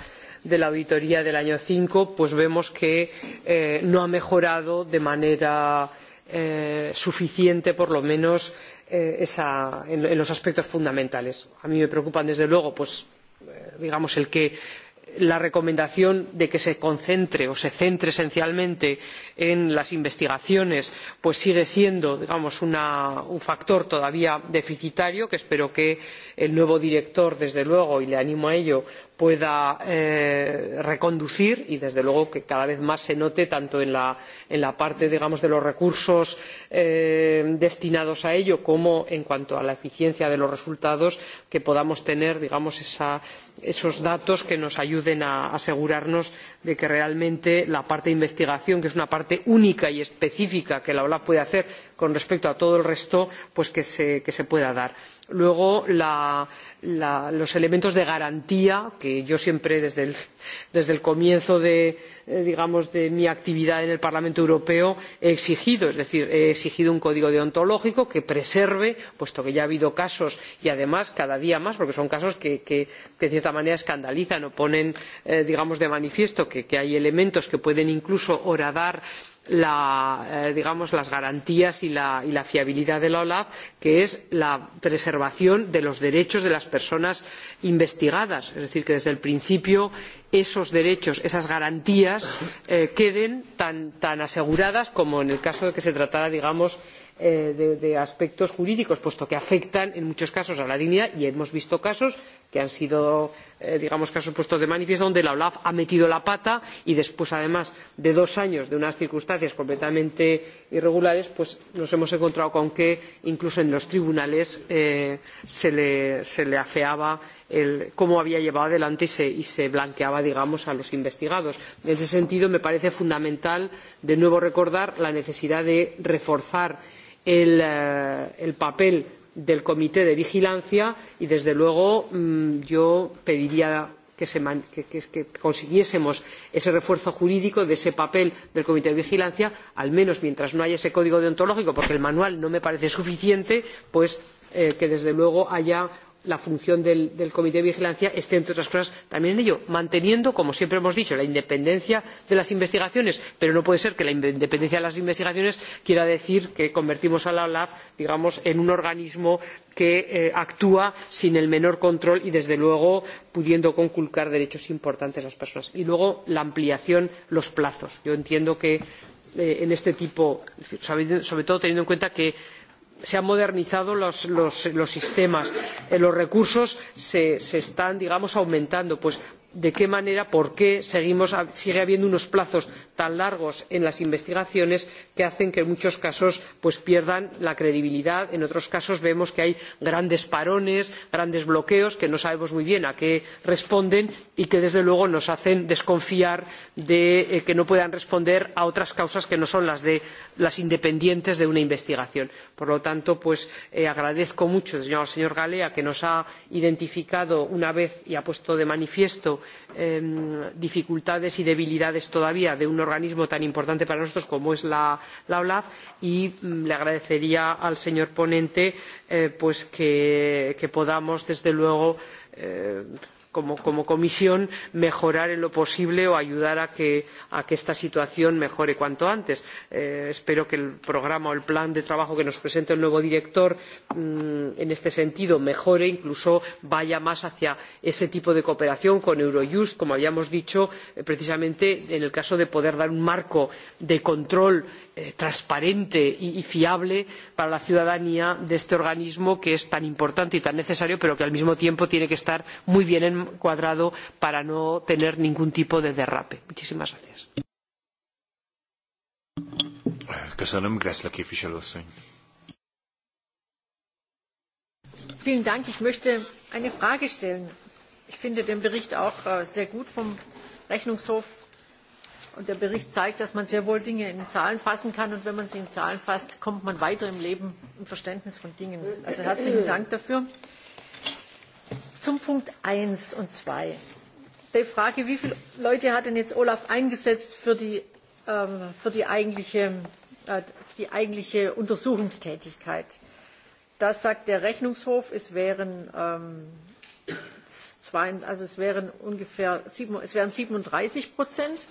de la auditoría del año cinco pues vemos que eh, no ha mejorado de manera eh, suficiente por lo menos eh, esa, en, en los aspectos fundamentales. a mí me preocupan desde luego pues, eh, digamos el que la recomendación de que se concentre o se centre esencialmente en las investigaciones pues sigue siendo digamos una, un factor todavía deficitario que espero que el nuevo director desde luego y le animo a ello pueda eh, reconducir y desde luego que cada vez más se note tanto en la, en la parte digamos de los recursos eh, destinados a ello como en cuanto a la eficiencia de los resultados que podamos tener digamos esa, esos datos que nos ayuden a asegurarnos de que realmente la parte de investigación que es una parte única y específica que la olaf puede hacer con respecto a todo el resto pues que se, que se pueda dar. luego la, la, los elementos de garantía que yo siempre desde el, desde el comienzo de, eh, digamos, de mi actividad en el parlamento europeo he exigido es decir he exigido un código deontológico que preserve puesto que ya ha habido casos y además cada día más porque son casos que, que, que de cierta manera escandalizan o ponen eh, digamos de manifiesto que, que hay elementos que pueden incluso horadar eh, la, eh, digamos, las garantías y la, y la fiabilidad de la olaf que es la preservación de los derechos de las personas investigadas es decir que desde el principio esos derechos esas garantías eh, queden tan, tan aseguradas como en el caso de que se tratara digamos de eh, de, de aspectos jurídicos, puesto que afectan en muchos casos a la dignidad y hemos visto casos que han sido, eh, digamos, casos puestos de manifiesto donde la OLAF ha metido la pata y después, además de dos años de unas circunstancias completamente irregulares, pues nos hemos encontrado con que incluso en los tribunales eh, se, le, se le afeaba el, cómo había llevado adelante y se, y se blanqueaba, digamos, a los investigados. En ese sentido, me parece fundamental, de nuevo, recordar la necesidad de reforzar el, eh, el papel del comité de vigilancia y desde luego mm, yo pediría que, se, que, que, que consiguiésemos ese refuerzo jurídico de ese papel del comité de vigilancia al menos mientras no haya ese código deontológico porque el manual no me parece suficiente pues eh, que desde luego haya la función del, del comité de vigilancia esté entre otras cosas también en ello manteniendo como siempre hemos dicho la independencia de las investigaciones pero no puede ser que la independencia de las investigaciones quiera decir que convertimos a la olaf digamos en un organismo que eh, actúa sin el menor control y desde luego pudiendo conculcar derechos importantes a las personas. y luego la ampliación los plazos yo entiendo que eh, en este tipo sobre todo teniendo en cuenta que se han modernizado los, los, los sistemas eh, los recursos se, se están digamos aumentando pues de qué manera por qué seguimos, sigue habiendo unos plazos tan largos en las investigaciones que hacen que en muchos casos pues, pierdan la credibilidad en otros casos vemos que hay grandes parones grandes bloqueos que no sabemos muy bien a qué responden y que desde luego nos hacen desconfiar de eh, que no puedan responder a otras causas que no son las, de, las independientes de una investigación. por lo tanto pues, eh, agradezco mucho al señor gallagher que nos haya identificado una vez y ha puesto de manifiesto eh, dificultades y debilidades todavía de un organismo tan importante para nosotros como es la, la olaf y mm, le agradecería al señor ponente eh, pues que, que podamos desde luego eh, como, como comisión mejorar en lo posible o ayudar a que, a que esta situación mejore cuanto antes. Eh, espero que el programa o el plan de trabajo que nos presente el nuevo director mmm, en este sentido mejore, incluso vaya más hacia ese tipo de cooperación con Eurojust, como habíamos dicho, eh, precisamente en el caso de poder dar un marco de control eh, Eh, transparente y fiable para la ciudadanía de este organismo que es tan importante y tan necesario pero que al mismo tiempo tiene que estar muy bien encuadrado para no tener ningún tipo de derrape. muchísimas gracias. Köszönöm, Gressler képviselőasszony. Vielen Dank. Ich möchte eine Frage stellen. Ich finde den Bericht auch äh, sehr gut vom Rechnungshof Und der Bericht zeigt, dass man sehr wohl Dinge in Zahlen fassen kann. Und wenn man sie in Zahlen fasst, kommt man weiter im Leben im Verständnis von Dingen. Also herzlichen Dank dafür. Zum Punkt 1 und 2. Die Frage, wie viele Leute hat denn jetzt Olaf eingesetzt für die, ähm, für die, eigentliche, äh, für die eigentliche Untersuchungstätigkeit? Das sagt der Rechnungshof, es wären, ähm, zwei, also es wären ungefähr sieben, es wären 37 Prozent.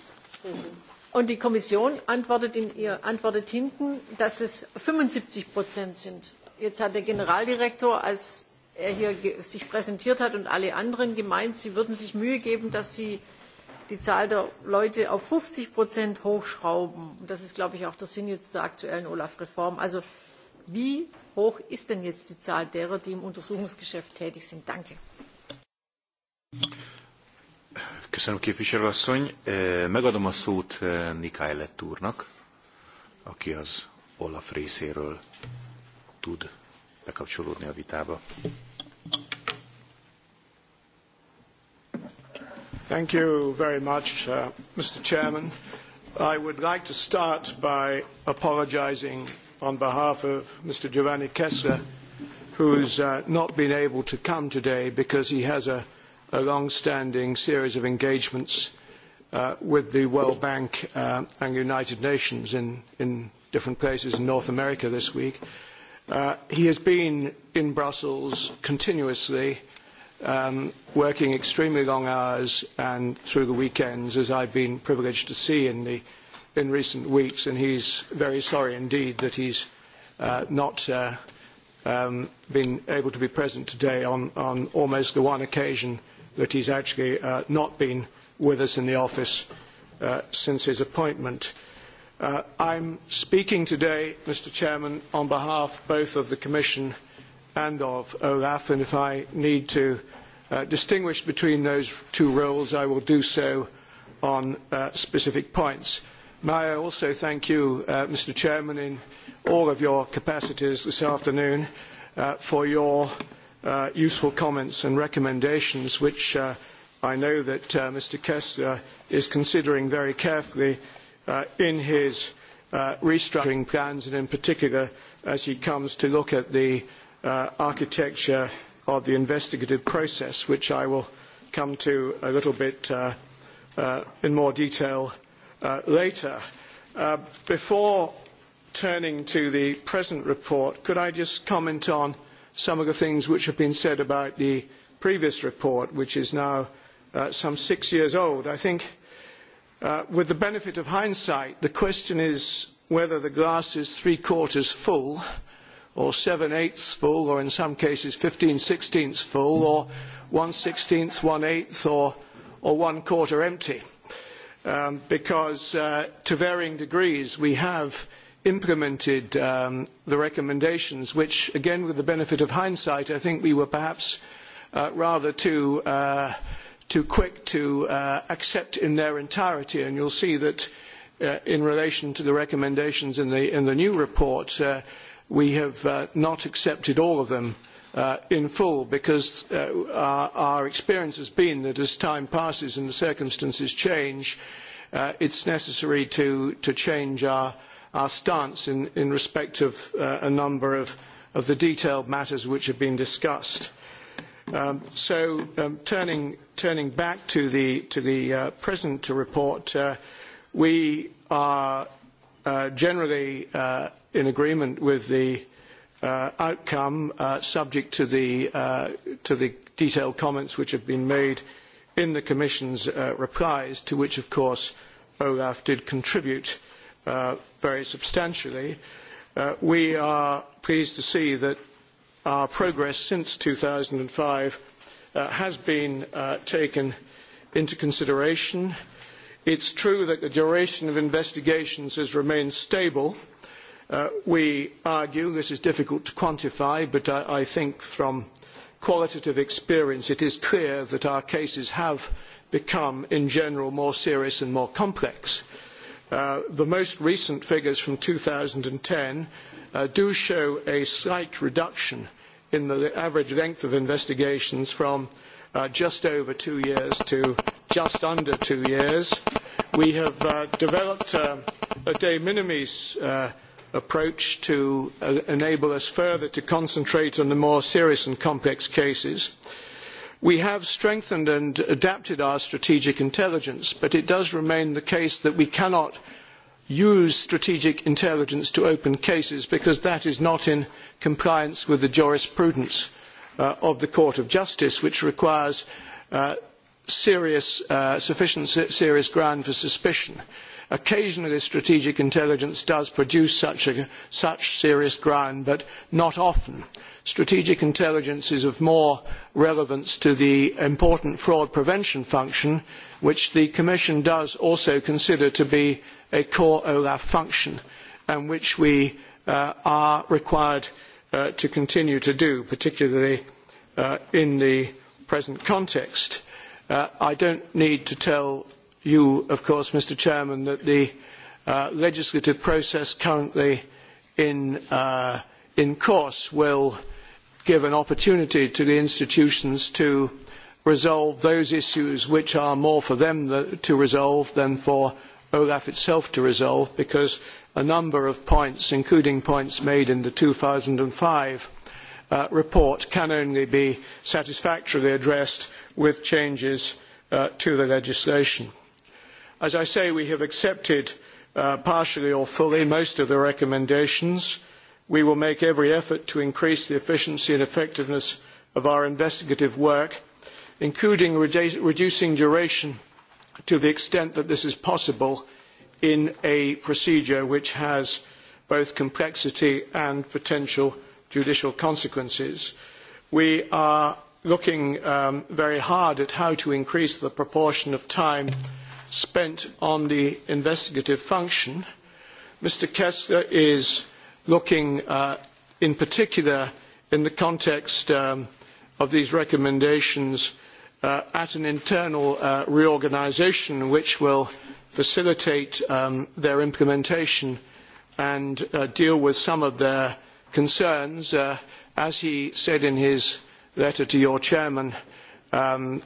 Und die Kommission antwortet, in ihr, antwortet hinten, dass es 75 Prozent sind. Jetzt hat der Generaldirektor, als er hier sich präsentiert hat und alle anderen gemeint, sie würden sich Mühe geben, dass sie die Zahl der Leute auf 50 Prozent hochschrauben. Und das ist, glaube ich, auch der Sinn jetzt der aktuellen Olaf-Reform. Also wie hoch ist denn jetzt die Zahl derer, die im Untersuchungsgeschäft tätig sind? Danke. Köszönöm képviselőasszony. Megadom a szót Nikály Lett úrnak, aki az Olaf részéről tud bekapcsolódni a vitába. Thank you very much, uh, Mr. Chairman. I would like to start by apologizing on behalf of Mr. Giovanni Kessler, who's uh, not been able to come today because he has a a long-standing series of engagements uh, with the World Bank uh, and United Nations in, in different places in North America this week. Uh, he has been in Brussels continuously, um, working extremely long hours and through the weekends, as I've been privileged to see in, the, in recent weeks, and he's very sorry indeed that he's uh, not uh, um, been able to be present today on, on almost the one occasion uh, that he's actually uh, not been with us in the office uh, since his appointment. Uh, I'm speaking today, Mr Chairman, on behalf both of the Commission and of OLAF, and if I need to uh, distinguish between those two roles, I will do so on uh, specific points. May I also thank you, uh, Mr Chairman, in all of your capacities this afternoon uh, for your uh, uh, useful comments and recommendations, which uh, I know that uh, Mr. Kessler is considering very carefully uh, in his uh, restructuring plans, and in particular as he comes to look at the uh, architecture of the investigative process, which I will come to a little bit uh, uh, in more detail uh, later. Uh, before turning to the present report, could I just comment on some of the things which have been said about the previous report, which is now uh, some six years old. I think, uh, with the benefit of hindsight, the question is whether the glass is three quarters full, or seven eighths full, or in some cases fifteen sixteenths full, or one sixteenth, one eighth, or, or one quarter empty. Um, because uh, to varying degrees, we have uh, implemented um, the recommendations, which, again, with the benefit of hindsight, I think we were perhaps uh, rather too, uh, too quick to uh, accept in their entirety. And you'll see that uh, in relation to the recommendations in the, in the new report, uh, we have uh, not accepted all of them uh, in full because uh, our, our experience has been that as time passes and the circumstances change, uh, it's necessary to, to change our our stance in, in respect of uh, a number of, of the detailed matters which have been discussed. Um, so um, turning, turning back to the, to the uh, present report, uh, we are uh, generally uh, in agreement with the uh, outcome uh, subject to the, uh, to the detailed comments which have been made in the Commission's uh, replies, to which, of course, OLAF did contribute. Uh, uh, very substantially. Uh, we are pleased to see that our progress since 2005 uh, has been uh, taken into consideration. It's true that the duration of investigations has remained stable. Uh, we argue this is difficult to quantify, but I, I think from qualitative experience it is clear that our cases have become in general more serious and more complex. Uh, Uh, the most recent figures from 2010 uh, do show a slight reduction in the average length of investigations from uh, just over two years to just under two years. We have uh, developed uh, a de minimis uh, approach to uh, enable us further to concentrate on the more serious and complex cases. Uh, We have strengthened and adapted our strategic intelligence, but it does remain the case that we cannot use strategic intelligence to open cases because that is not in compliance with the jurisprudence uh, of the Court of Justice, which requires uh, serious, uh, sufficient serious ground for suspicion. Uh, Occasionally strategic intelligence does produce such, a, such serious ground, but not often. Strategic intelligence is of more relevance to the important fraud prevention function, which the Commission does also consider to be a core OLAF function, and which we uh, are required uh, to continue to do, particularly uh, in the present context. Uh, I don't need to tell you, of course, Mr Chairman, that the uh, legislative process currently in, uh, in course will give an opportunity to the institutions to resolve those issues which are more for them the, to resolve than for Olaf itself to resolve, because a number of points, including points made in the 2005 uh, report, can only be satisfactorily addressed with changes uh, to the legislation. As I say, we have accepted uh, partially or fully most of the recommendations. We will make every effort to increase the efficiency and effectiveness of our investigative work, including redu reducing duration to the extent that this is possible in a procedure which has both complexity and potential judicial consequences. We are looking um, very hard at how to increase the proportion of time spent on the investigative function. Mr Kessler is looking uh, in particular in the context um, of these recommendations uh, at an internal uh, reorganisation which will facilitate um, their implementation and uh, deal with some of their concerns. Uh, as he said in his letter to your chairman, um,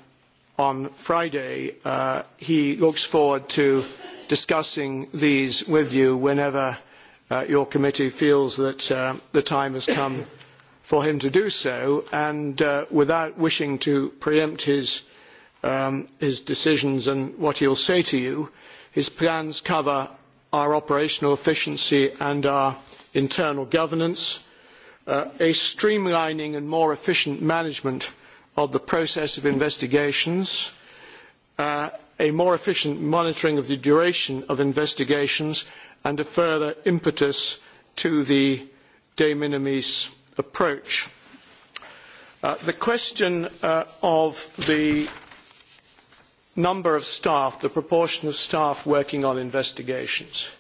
on Friday, uh, he looks forward to discussing these with you whenever uh, your committee feels that uh, the time has come for him to do so. And uh, without wishing to preempt his, um, his decisions and what he'll say to you, his plans cover our operational efficiency and our internal governance, uh, a streamlining and more efficient management of the process of investigations, uh, a more efficient monitoring of the duration of investigations, and a further impetus to the de minimis approach. Uh, the question uh, of the number of staff, the proportion of staff working on investigations,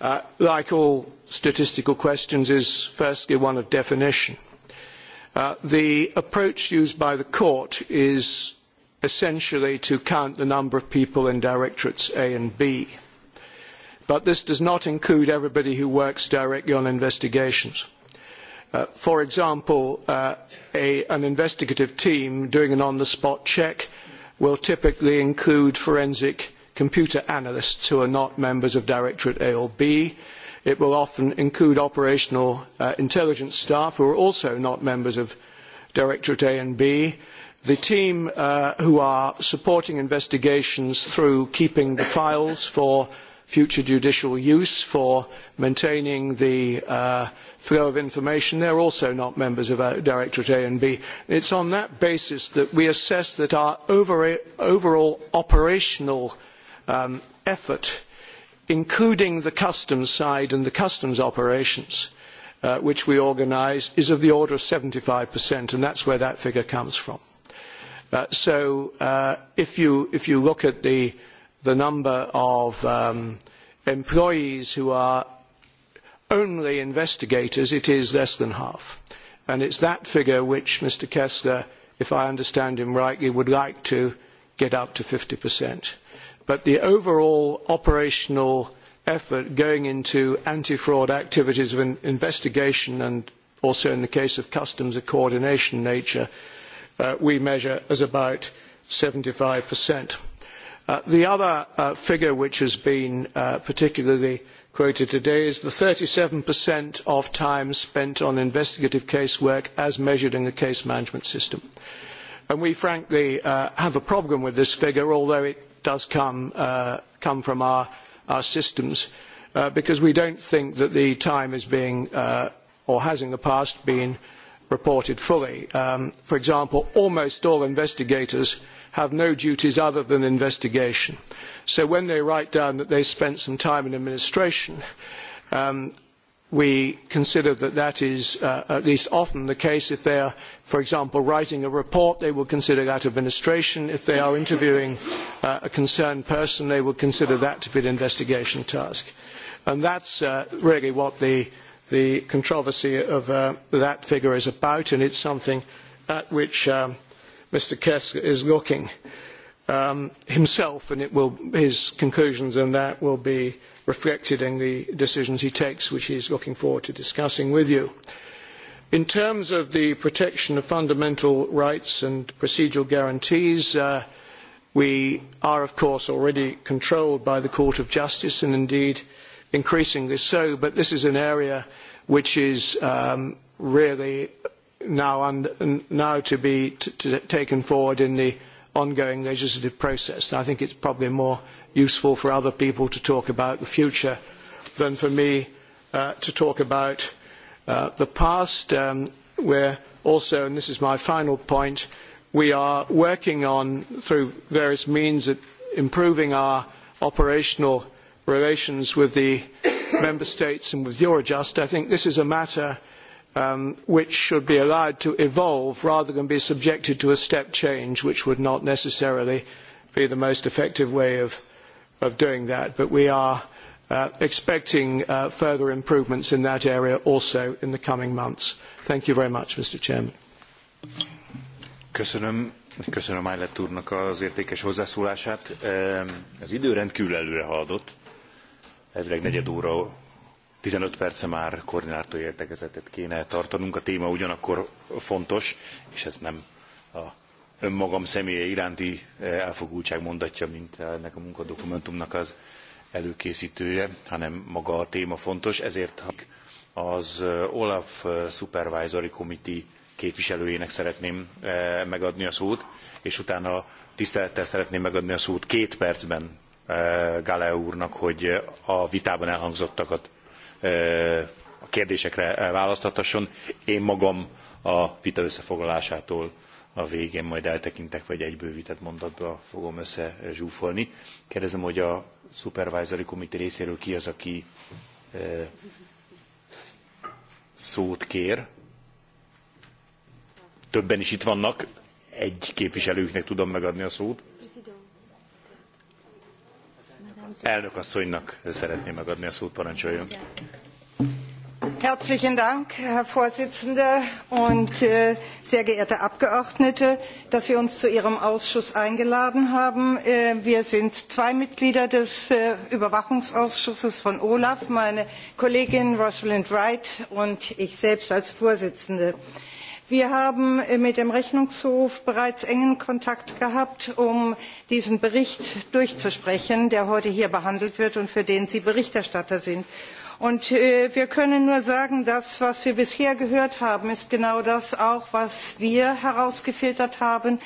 uh, like all statistical questions, is firstly one of definition. Uh, Uh, the approach used by the court is essentially to count the number of people in directorates A and B. But this does not include everybody who works directly on investigations. Uh, for example, uh, a, an investigative team doing an on-the-spot check will typically include forensic computer analysts who are not members of Directorate A or B, It will often include operational uh, intelligence staff who are also not members of Directorate A and B. The team uh, who are supporting investigations through keeping the files for future judicial use, for maintaining the uh, flow of information, they're also not members of our uh, Directorate A and B. It's on that basis that we assess that our over overall operational um, effort including the customs side and the customs operations, uh, which we organise, is of the order of 75%, and that's where that figure comes from. Uh, so uh, if, you, if you look at the, the number of um, employees who are only investigators, it is less than half. And it's that figure which Mr Kessler, if I understand him rightly, would like to get up to 50% but the overall operational effort going into anti-fraud activities of an investigation and also in the case of customs a coordination nature, uh, we measure as about 75%. Uh, the other uh, figure which has been uh, particularly quoted today is the 37% of time spent on investigative casework as measured in the case management system. And we frankly uh, have a problem with this figure, although it does come, uh, come from our, our systems, uh, because we don't think that the time is being, uh, or has in the past been, reported fully. Um, for example, almost all investigators have no duties other than investigation. So when they write down that they spent some time in administration, um, we consider that that is uh, at least often the case if they are for example, writing a report, they will consider that administration. If they are interviewing uh, a concerned person, they will consider that to be an investigation task. And that's uh, really what the, the controversy of uh, that figure is about, and it's something at which um, Mr. Kessler is looking um, himself, and it will, his conclusions on that will be reflected in the decisions he takes, which he's looking forward to discussing with you. Uh, In terms of the protection of fundamental rights and procedural guarantees, uh, we are, of course, already controlled by the Court of Justice and indeed increasingly so, but this is an area which is um, really now, un- now to be t- t- taken forward in the ongoing legislative process. And I think it's probably more useful for other people to talk about the future than for me uh, to talk about Uh, the past, um, where also, and this is my final point, we are working on, through various means, at improving our operational relations with the member states and with Eurojust. I think this is a matter um, which should be allowed to evolve rather than be subjected to a step change, which would not necessarily be the most effective way of, of doing that. But we are uh, expecting uh, further improvements in that area also in the coming months. Thank you very much, Mr. Chairman. Köszönöm. Köszönöm Eilert úrnak az értékes hozzászólását. Az idő rendkívül előre haladott. Elvileg negyed óra, 15 perce már koordinátori értekezetet kéne tartanunk. A téma ugyanakkor fontos, és ezt nem a önmagam személye iránti eh, elfogultság mondatja, mint ennek a munkadokumentumnak az előkészítője, hanem maga a téma fontos, ezért az Olaf Supervisory Committee képviselőjének szeretném megadni a szót, és utána tisztelettel szeretném megadni a szót két percben Galea úrnak, hogy a vitában elhangzottakat a kérdésekre választhatasson. Én magam a vita összefoglalásától a végén majd eltekintek, vagy egy bővített mondatba fogom összezsúfolni. Eh, Kérdezem, hogy a Supervisory Committee részéről ki az, aki e, szót kér. Többen is itt vannak, egy képviselőknek tudom megadni a szót. Elnök asszonynak szeretném megadni a szót, parancsoljon. Herzlichen Dank, Herr Vorsitzender und äh, sehr geehrte Abgeordnete, dass Sie uns zu Ihrem Ausschuss eingeladen haben. Äh, wir sind zwei Mitglieder des äh, Überwachungsausschusses von Olaf, meine Kollegin Rosalind Wright und ich selbst als Vorsitzende. Wir haben äh, mit dem Rechnungshof bereits engen Kontakt gehabt, um diesen Bericht durchzusprechen, der heute hier behandelt wird und für den Sie Berichterstatter sind Und äh, wir können nur sagen, das, was wir bisher gehört haben, ist genau das auch, was wir herausgefiltert haben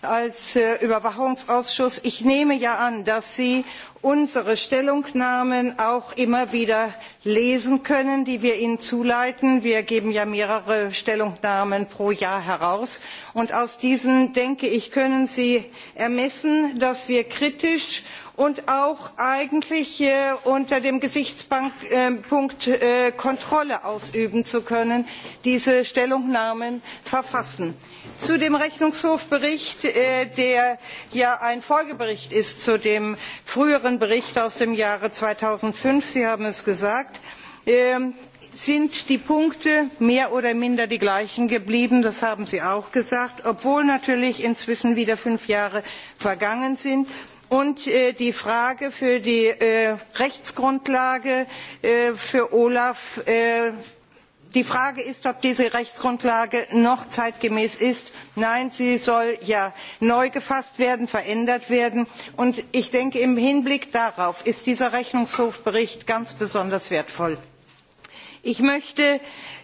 als äh, Überwachungsausschuss. Ich nehme ja an, dass Sie unsere Stellungnahmen auch immer wieder lesen können, die wir Ihnen zuleiten. Wir geben ja mehrere Stellungnahmen pro Jahr heraus. Und aus diesen, denke ich, können Sie ermessen, dass wir kritisch und auch eigentlich äh, unter dem gesichtspunkt ähm, äh, kontrolle ausüben zu können diese stellungnahmen verfassen. zu dem rechnungshofbericht äh, der ja ein folgebericht ist zu dem früheren bericht aus dem jahre zweitausendfünf sie haben es gesagt ähm, sind die punkte mehr oder minder die gleichen geblieben das haben sie auch gesagt obwohl natürlich inzwischen wieder fünf jahre vergangen sind und äh, die Frage für die äh, Rechtsgrundlage äh, für Olaf. Äh, die Frage ist, ob diese Rechtsgrundlage noch zeitgemäß ist. Nein, sie soll ja neu gefasst werden, verändert werden. Und ich denke, im Hinblick darauf ist dieser Rechnungshofbericht ganz besonders wertvoll. Ich möchte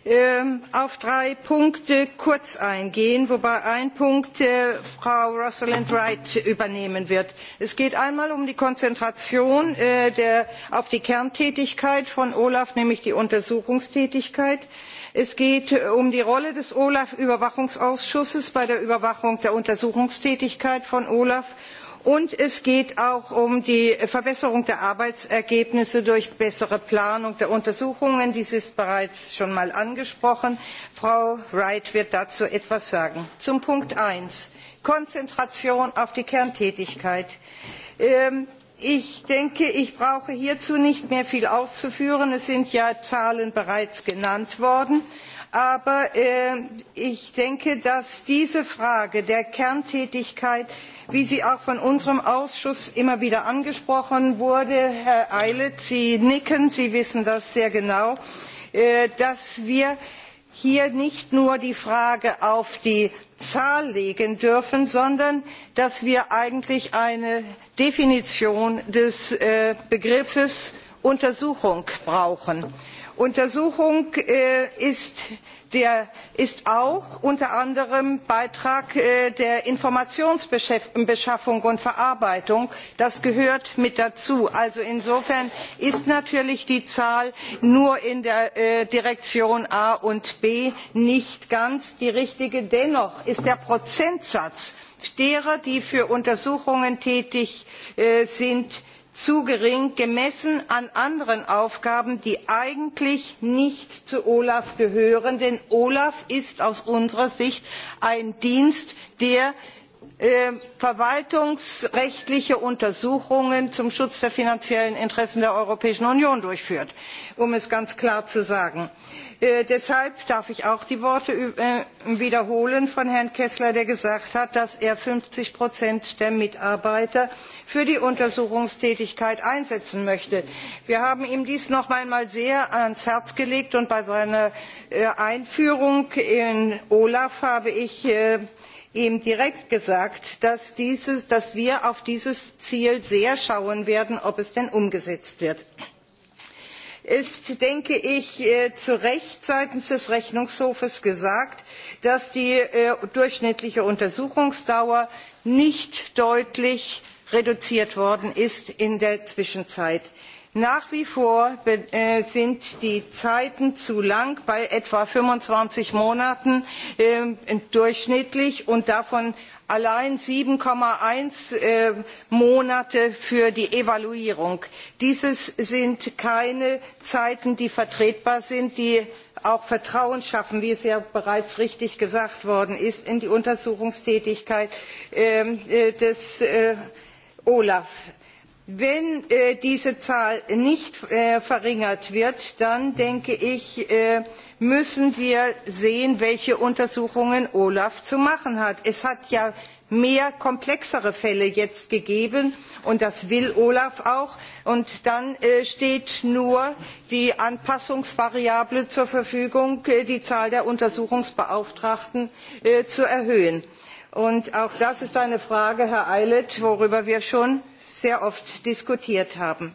Ähm, auf drei Punkte kurz eingehen, wobei ein Punkt äh, Frau Rosalind Wright übernehmen wird. Es geht einmal um die Konzentration äh, der, auf die Kerntätigkeit von Olaf, nämlich die Untersuchungstätigkeit. Es geht äh, um die Rolle des Olaf-Überwachungsausschusses bei der Überwachung der Untersuchungstätigkeit von Olaf und es geht auch um die verbesserung der arbeitsergebnisse durch bessere planung der untersuchungen dies ist bereits schon einmal angesprochen frau wright wird dazu etwas sagen. zu punkt eins konzentration auf die kerntätigkeit ähm, ich denke ich brauche hierzu nicht mehr viel auszuführen es sind ja zahlen bereits genannt worden aber äh, ich denke dass diese frage der kerntätigkeit wie sie auch von unserem ausschuss immer wieder angesprochen wurde herr eilert sie nicken sie wissen das sehr genau äh, dass wir hier nicht nur die frage auf die zahl legen dürfen sondern dass wir eigentlich eine definition des äh, begriffes untersuchung brauchen untersuchung äh, ist, der, ist auch unter anderem beitrag äh, der informationsbeschaffung und verarbeitung das gehört mit dazu. also insofern ist natürlich die zahl nur in der äh, direktion a und b nicht ganz die richtige. dennoch ist der prozentsatz derer die für untersuchungen tätig sind zu gering gemessen an anderen aufgaben die eigentlich nicht zu olaf gehören denn olaf ist aus unserer sicht ein dienst der Ähm, verwaltungsrechtliche untersuchungen zum schutz der finanziellen interessen der europäischen union durchführt um es ganz klar zu sagen. Äh, deshalb darf ich auch die worte äh, wiederholen von herrn kessler der gesagt hat dass er fünfzig der mitarbeiter für die untersuchungstätigkeit einsetzen möchte. wir haben ihm dies noch einmal sehr ans herz gelegt und bei seiner äh, einführung in olaf habe ich ihm direkt gesagt dass, dieses, dass wir auf dieses ziel sehr schauen werden ob es denn umgesetzt wird. es ist denke ich äh, zu recht seitens des rechnungshofs gesagt dass die äh, durchschnittliche untersuchungsdauer nicht deutlich reduziert worden ist in der zwischenzeit nach wie vor äh, sind die zeiten zu lang bei etwa fünfundzwanzig monaten äh, durchschnittlich und davon allein sieben eins äh, monate für die evaluierung. dies sind keine zeiten die vertretbar sind die auch vertrauen schaffen wie es ja bereits richtig gesagt worden ist in die untersuchungstätigkeit ähm, äh, des äh, olaf wenn äh, diese zahl nicht äh, verringert wird dann denke ich äh, müssen wir sehen welche untersuchungen olaf zu machen hat. es hat ja mehr komplexere fälle jetzt gegeben und das will olaf auch und dann äh, steht nur die anpassungsvariable zur verfügung äh, die zahl der untersuchungsbeauftragten äh, zu erhöhen. Und auch das ist eine frage herr eilert worüber wir schon sehr oft diskutiert haben.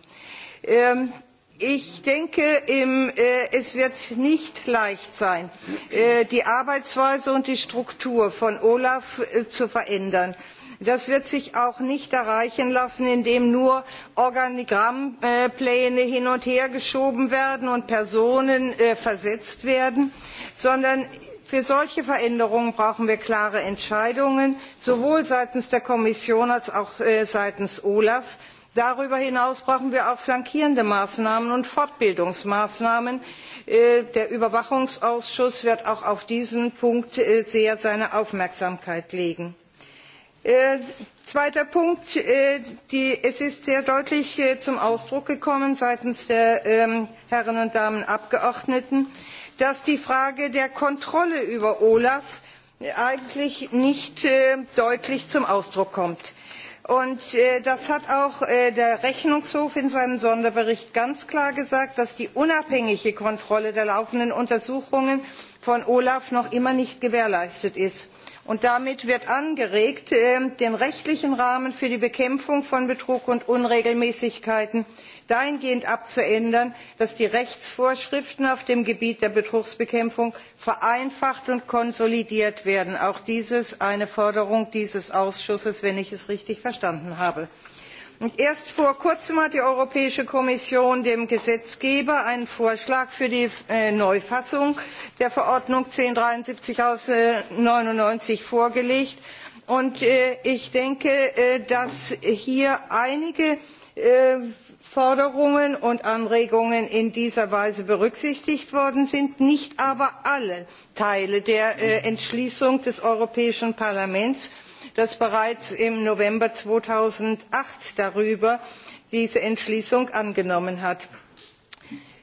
Ähm, ich denke im, äh, es wird nicht leicht sein äh, die arbeitsweise und die struktur von olaf äh, zu verändern. das wird sich auch nicht erreichen lassen indem nur organigrammpläne hin und her geschoben werden und personen äh, versetzt werden sondern für solche veränderungen brauchen wir klare entscheidungen sowohl seitens der kommission als auch äh, seitens olaf. darüber hinaus brauchen wir auch flankierende maßnahmen und fortbildungsmaßnahmen. Äh, der überwachungsausschuss wird auch auf diesen punkt äh, sehr seine aufmerksamkeit legen. zweiter punkt es ist sehr deutlich zum ausdruck gekommen seitens der ähm, herren und damen abgeordneten dass die frage der kontrolle über olaf eigentlich nicht äh, deutlich zum ausdruck kommt. Und, äh, das hat auch äh, der rechnungshof in seinem sonderbericht ganz klar gesagt dass die unabhängige kontrolle der laufenden untersuchungen von olaf noch immer nicht gewährleistet ist. Und damit wird angeregt äh, den rechtlichen rahmen für die bekämpfung von betrug und unregelmäßigkeiten dahingehend abzuändern dass die rechtsvorschriften auf dem gebiet der betrugsbekämpfung vereinfacht und konsolidiert werden auch dies eine forderung dieses ausschusses wenn ich es richtig verstanden habe. erst vor kurzem hat die europäische kommission dem gesetzgeber einen vorschlag für die äh, neufassung der verordnung eintausendzweihundertdreiundsiebzig äh, neunundneunzig vorgelegt und äh, ich denke dass hier einige forderungen und anregungen in dieser weise berücksichtigt worden sind nicht aber alle teile der äh, entschließung des europäischen parlaments das bereits im november zweitausendacht diese entschließung angenommen hat.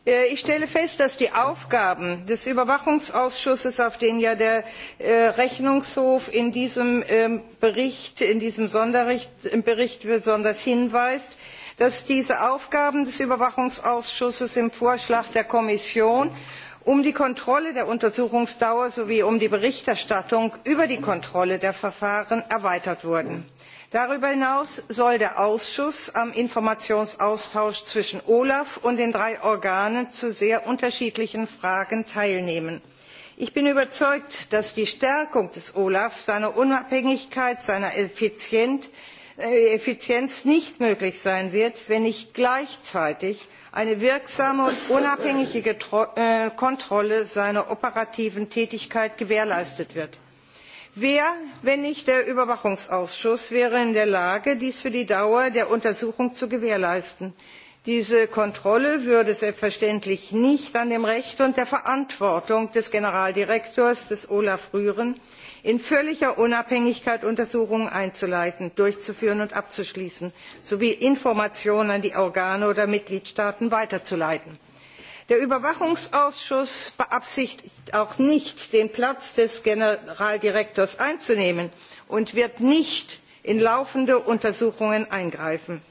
Äh, ich stelle fest dass die aufgaben des überwachungsausschusses auf den ja der äh, rechnungshof in diesem sonderbericht ähm, besonders hinweist dass diese aufgaben des überwachungsausschusses im vorschlag der kommission um die kontrolle der untersuchungsdauer sowie um die berichterstattung über die kontrolle der verfahren erweitert wurden. darüber hinaus soll der ausschuss am informationsaustausch zwischen olaf und den drei organen zu sehr unterschiedlichen fragen teilnehmen. ich bin überzeugt dass die stärkung des olaf seiner unabhängigkeit seiner effizienz Äh, effizienz nicht möglich sein wird wenn nicht gleichzeitig eine wirksame und unabhängige Getro äh, kontrolle seiner operativen tätigkeit gewährleistet wird. wer wenn nicht der überwachungsausschuss wäre in der lage dies für die dauer der untersuchung zu gewährleisten? diese kontrolle würde selbstverständlich nicht an dem recht und der verantwortung des generaldirektors des olaf rühren in völliger unabhängigkeit untersuchungen einzuleiten durchzuführen und abzuschließen sowie informationen an die organe oder mitgliedstaaten weiterzuleiten. der überwachungsausschuss beabsichtigt auch nicht den platz des generaldirektors einzunehmen und wird nicht in laufende untersuchungen eingreifen.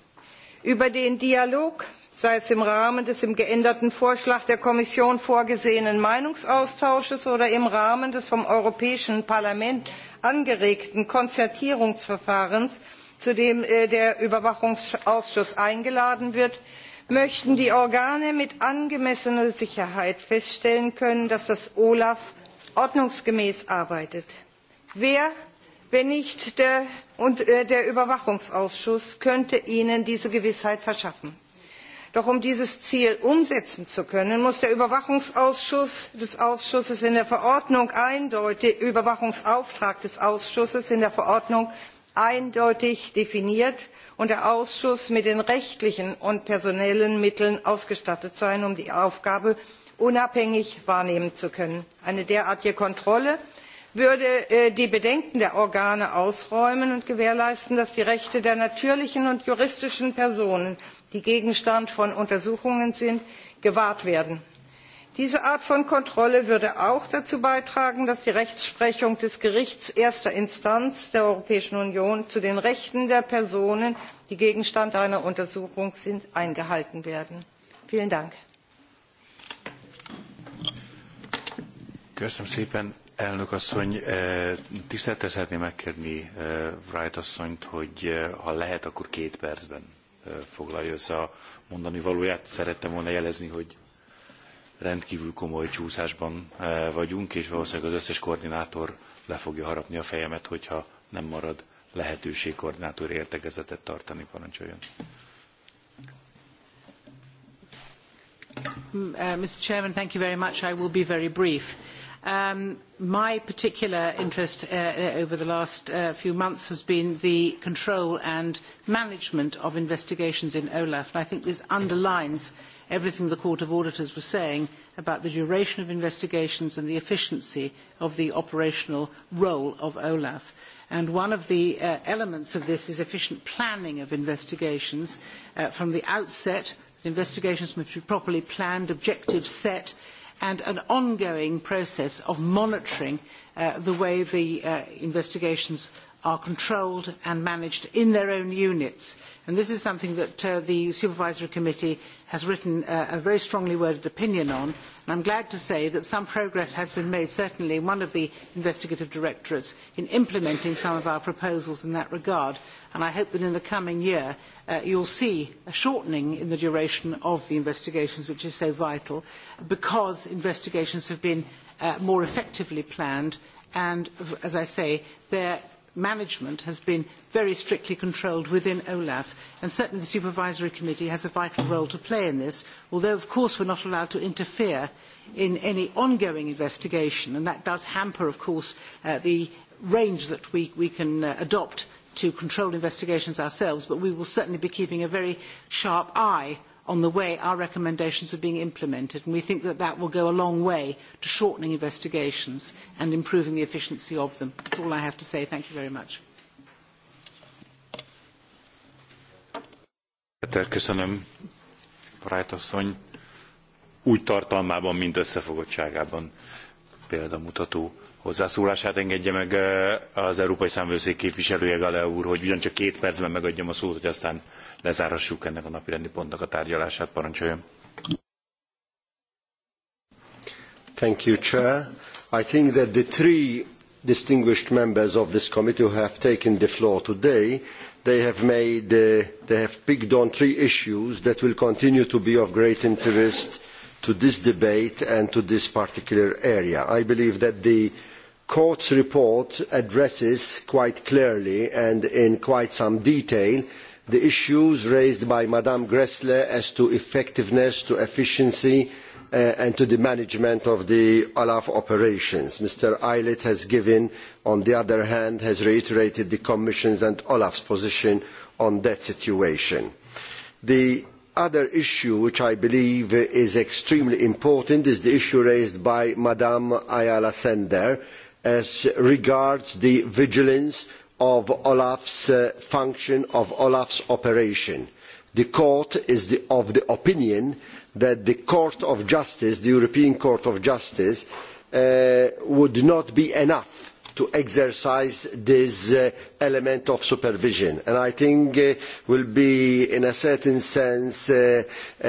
über den dialog sei es im rahmen des im geänderten vorschlag der kommission vorgesehenen meinungsaustausches oder im rahmen des vom europäischen parlament angeregten konzertierungsverfahrens zu dem äh, der überwachungsausschuss eingeladen wird möchten die organe mit angemessener sicherheit feststellen können dass das olaf ordnungsgemäß arbeitet. wer wenn nicht der äh, überwachungsausschuss könnte ihnen diese gewissheit verschaffen? doch um dieses ziel umsetzen zu können muss der überwachungsausschuss des ausschusses in der verordnung eindeutig überwachungsauftrag des ausschusses in der verordnung eindeutig definiert und der ausschuss mit den rechtlichen und personellen mitteln ausgestattet sein um die aufgabe unabhängig wahrnehmen zu können. eine derartige kontrolle würde äh, die bedenken der organe ausräumen und gewährleisten dass die rechte der natürlichen und juristischen personen die gegenstand von untersuchungen sind gewahrt werden. diese art von kontrolle würde auch dazu beitragen dass die rechtsprechung des gerichts erster instanz der europäischen union zu den rechten der personen die gegenstand einer untersuchung sind eingehalten wird. vielen dank! Köszönöm szépen, elnök asszony. Eh, tisztelettel szeretném megkérni eh, Wright asszonyt, hogy eh, ha lehet, akkor két percben foglalja össze a mondani valóját. Szerettem volna jelezni, hogy rendkívül komoly csúszásban vagyunk, és valószínűleg az összes koordinátor le fogja harapni a fejemet, hogyha nem marad lehetőség koordinátor értekezetet tartani. Parancsoljon! Mm, uh, Mr. Chairman, thank you very much. I will be very brief. Uh, Um, my particular interest uh, uh, over the last uh, few months has been the control and management of investigations in OLAF, and I think this underlines everything the Court of Auditors was saying about the duration of investigations and the efficiency of the operational role of OLAF. And one of the uh, elements of this is efficient planning of investigations uh, from the outset, that investigations must be properly planned, objectives set, uh, and an ongoing process of monitoring uh, the way the uh, investigations are controlled and managed in their own units. And this is something that uh, the Supervisory Committee has written uh, a very strongly worded opinion on. And I'm glad to say that some progress has been made, certainly in one of the investigative directorates, in implementing some of our proposals in that regard and I hope that in the coming year uh, you'll see a shortening in the duration of the investigations, which is so vital, because investigations have been uh, more effectively planned and, as I say, their management has been very strictly controlled within OLAF, and certainly the Supervisory Committee has a vital role to play in this, although, of course, we're not allowed to interfere in any ongoing investigation, and that does hamper, of course, uh, the range that we, we can uh, adopt to control investigations ourselves, but we will certainly be keeping a very sharp eye on the way our recommendations are being implemented, and we think that that will go a long way to shortening investigations and improving the efficiency of them. That's all I have to say. Thank you very much. Köszönöm, Wright asszony. Úgy tartalmában, mint összefogottságában példamutató hozzászólását engedje meg az Európai Számvőszék képviselője Gale úr, hogy ugyancsak két percben megadjam a szót, hogy aztán lezárhassuk ennek a napirendi pontnak a tárgyalását. Parancsoljon. Thank you, Chair. I think that the three distinguished members of this committee who have taken the floor today, they have made, uh, they have picked on three issues that will continue to be of great interest to this debate and to this particular area. I believe that the uh, court's report addresses quite clearly and in quite some detail the issues raised by ms grle as to effectiveness to efficiency uh, and to the management of the olaf operations. mr eilert has given on the other hand has reiterated the commission's and olaf's position on that situation. the other issue which i believe is extremely important is the issue raised by ms ayala sender as regards the vigilance of olaf's uh, function of olaf's operation. the court is the, of the opinion that the court of justice the european court of justice uh, would not be enough to exercise this uh, element of supervision and i think uh, will be in a certain sense uh,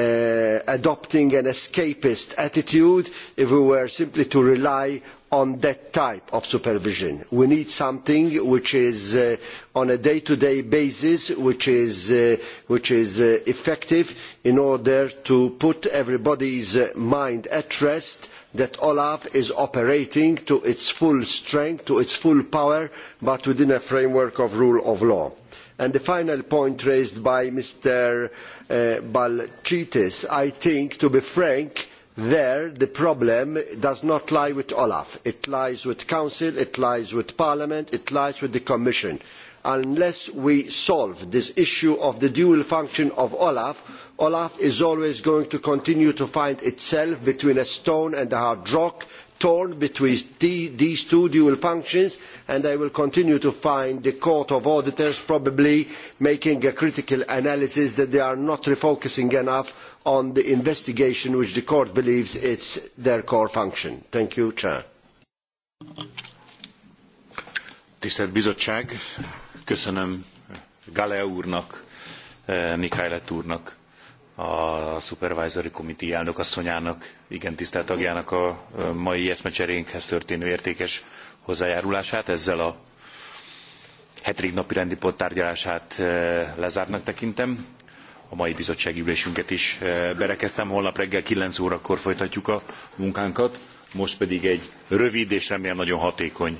uh adopting an escapist attitude if we were simply to rely on that type of supervision. We need something which is uh, on a day-to-day -day basis, which is, uh, which is uh, effective in order to put everybody's uh, mind at rest that Olaf is operating to its full strength, to its full power, but within a framework of rule of law. And the final point raised by Mr. Uh, Balchitis, I think, to be frank, there the problem does not lie with olaf it lies with the council it lies with parliament it lies with the commission. unless we solve this issue of the dual function of olaf olaf is always going to continue to find itself between a stone and a hard rock torn between these two dual functions and i will continue to find the court of auditors probably making a critical analysis that they are not refocusing enough on the investigation which the court believes is their core function. thank you chair. tisztelt bizottság köszönöm gallagher úrnak eh, michaelet úrnak a Supervisory Committee elnökasszonyának, igen tisztelt tagjának a mai eszmecserénkhez történő értékes hozzájárulását. Ezzel a hetedik napi rendi pont tárgyalását lezártnak tekintem. A mai bizottsági ülésünket is berekeztem. Holnap reggel 9 órakor folytatjuk a munkánkat. Most pedig egy rövid és remélem nagyon hatékony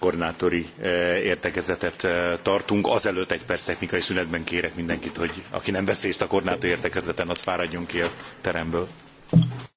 koordinátori eh, értekezetet eh, tartunk. Azelőtt egy perc technikai szünetben kérek mindenkit, hogy aki nem vesz részt a koordinátori értekezleten, az fáradjon ki a teremből.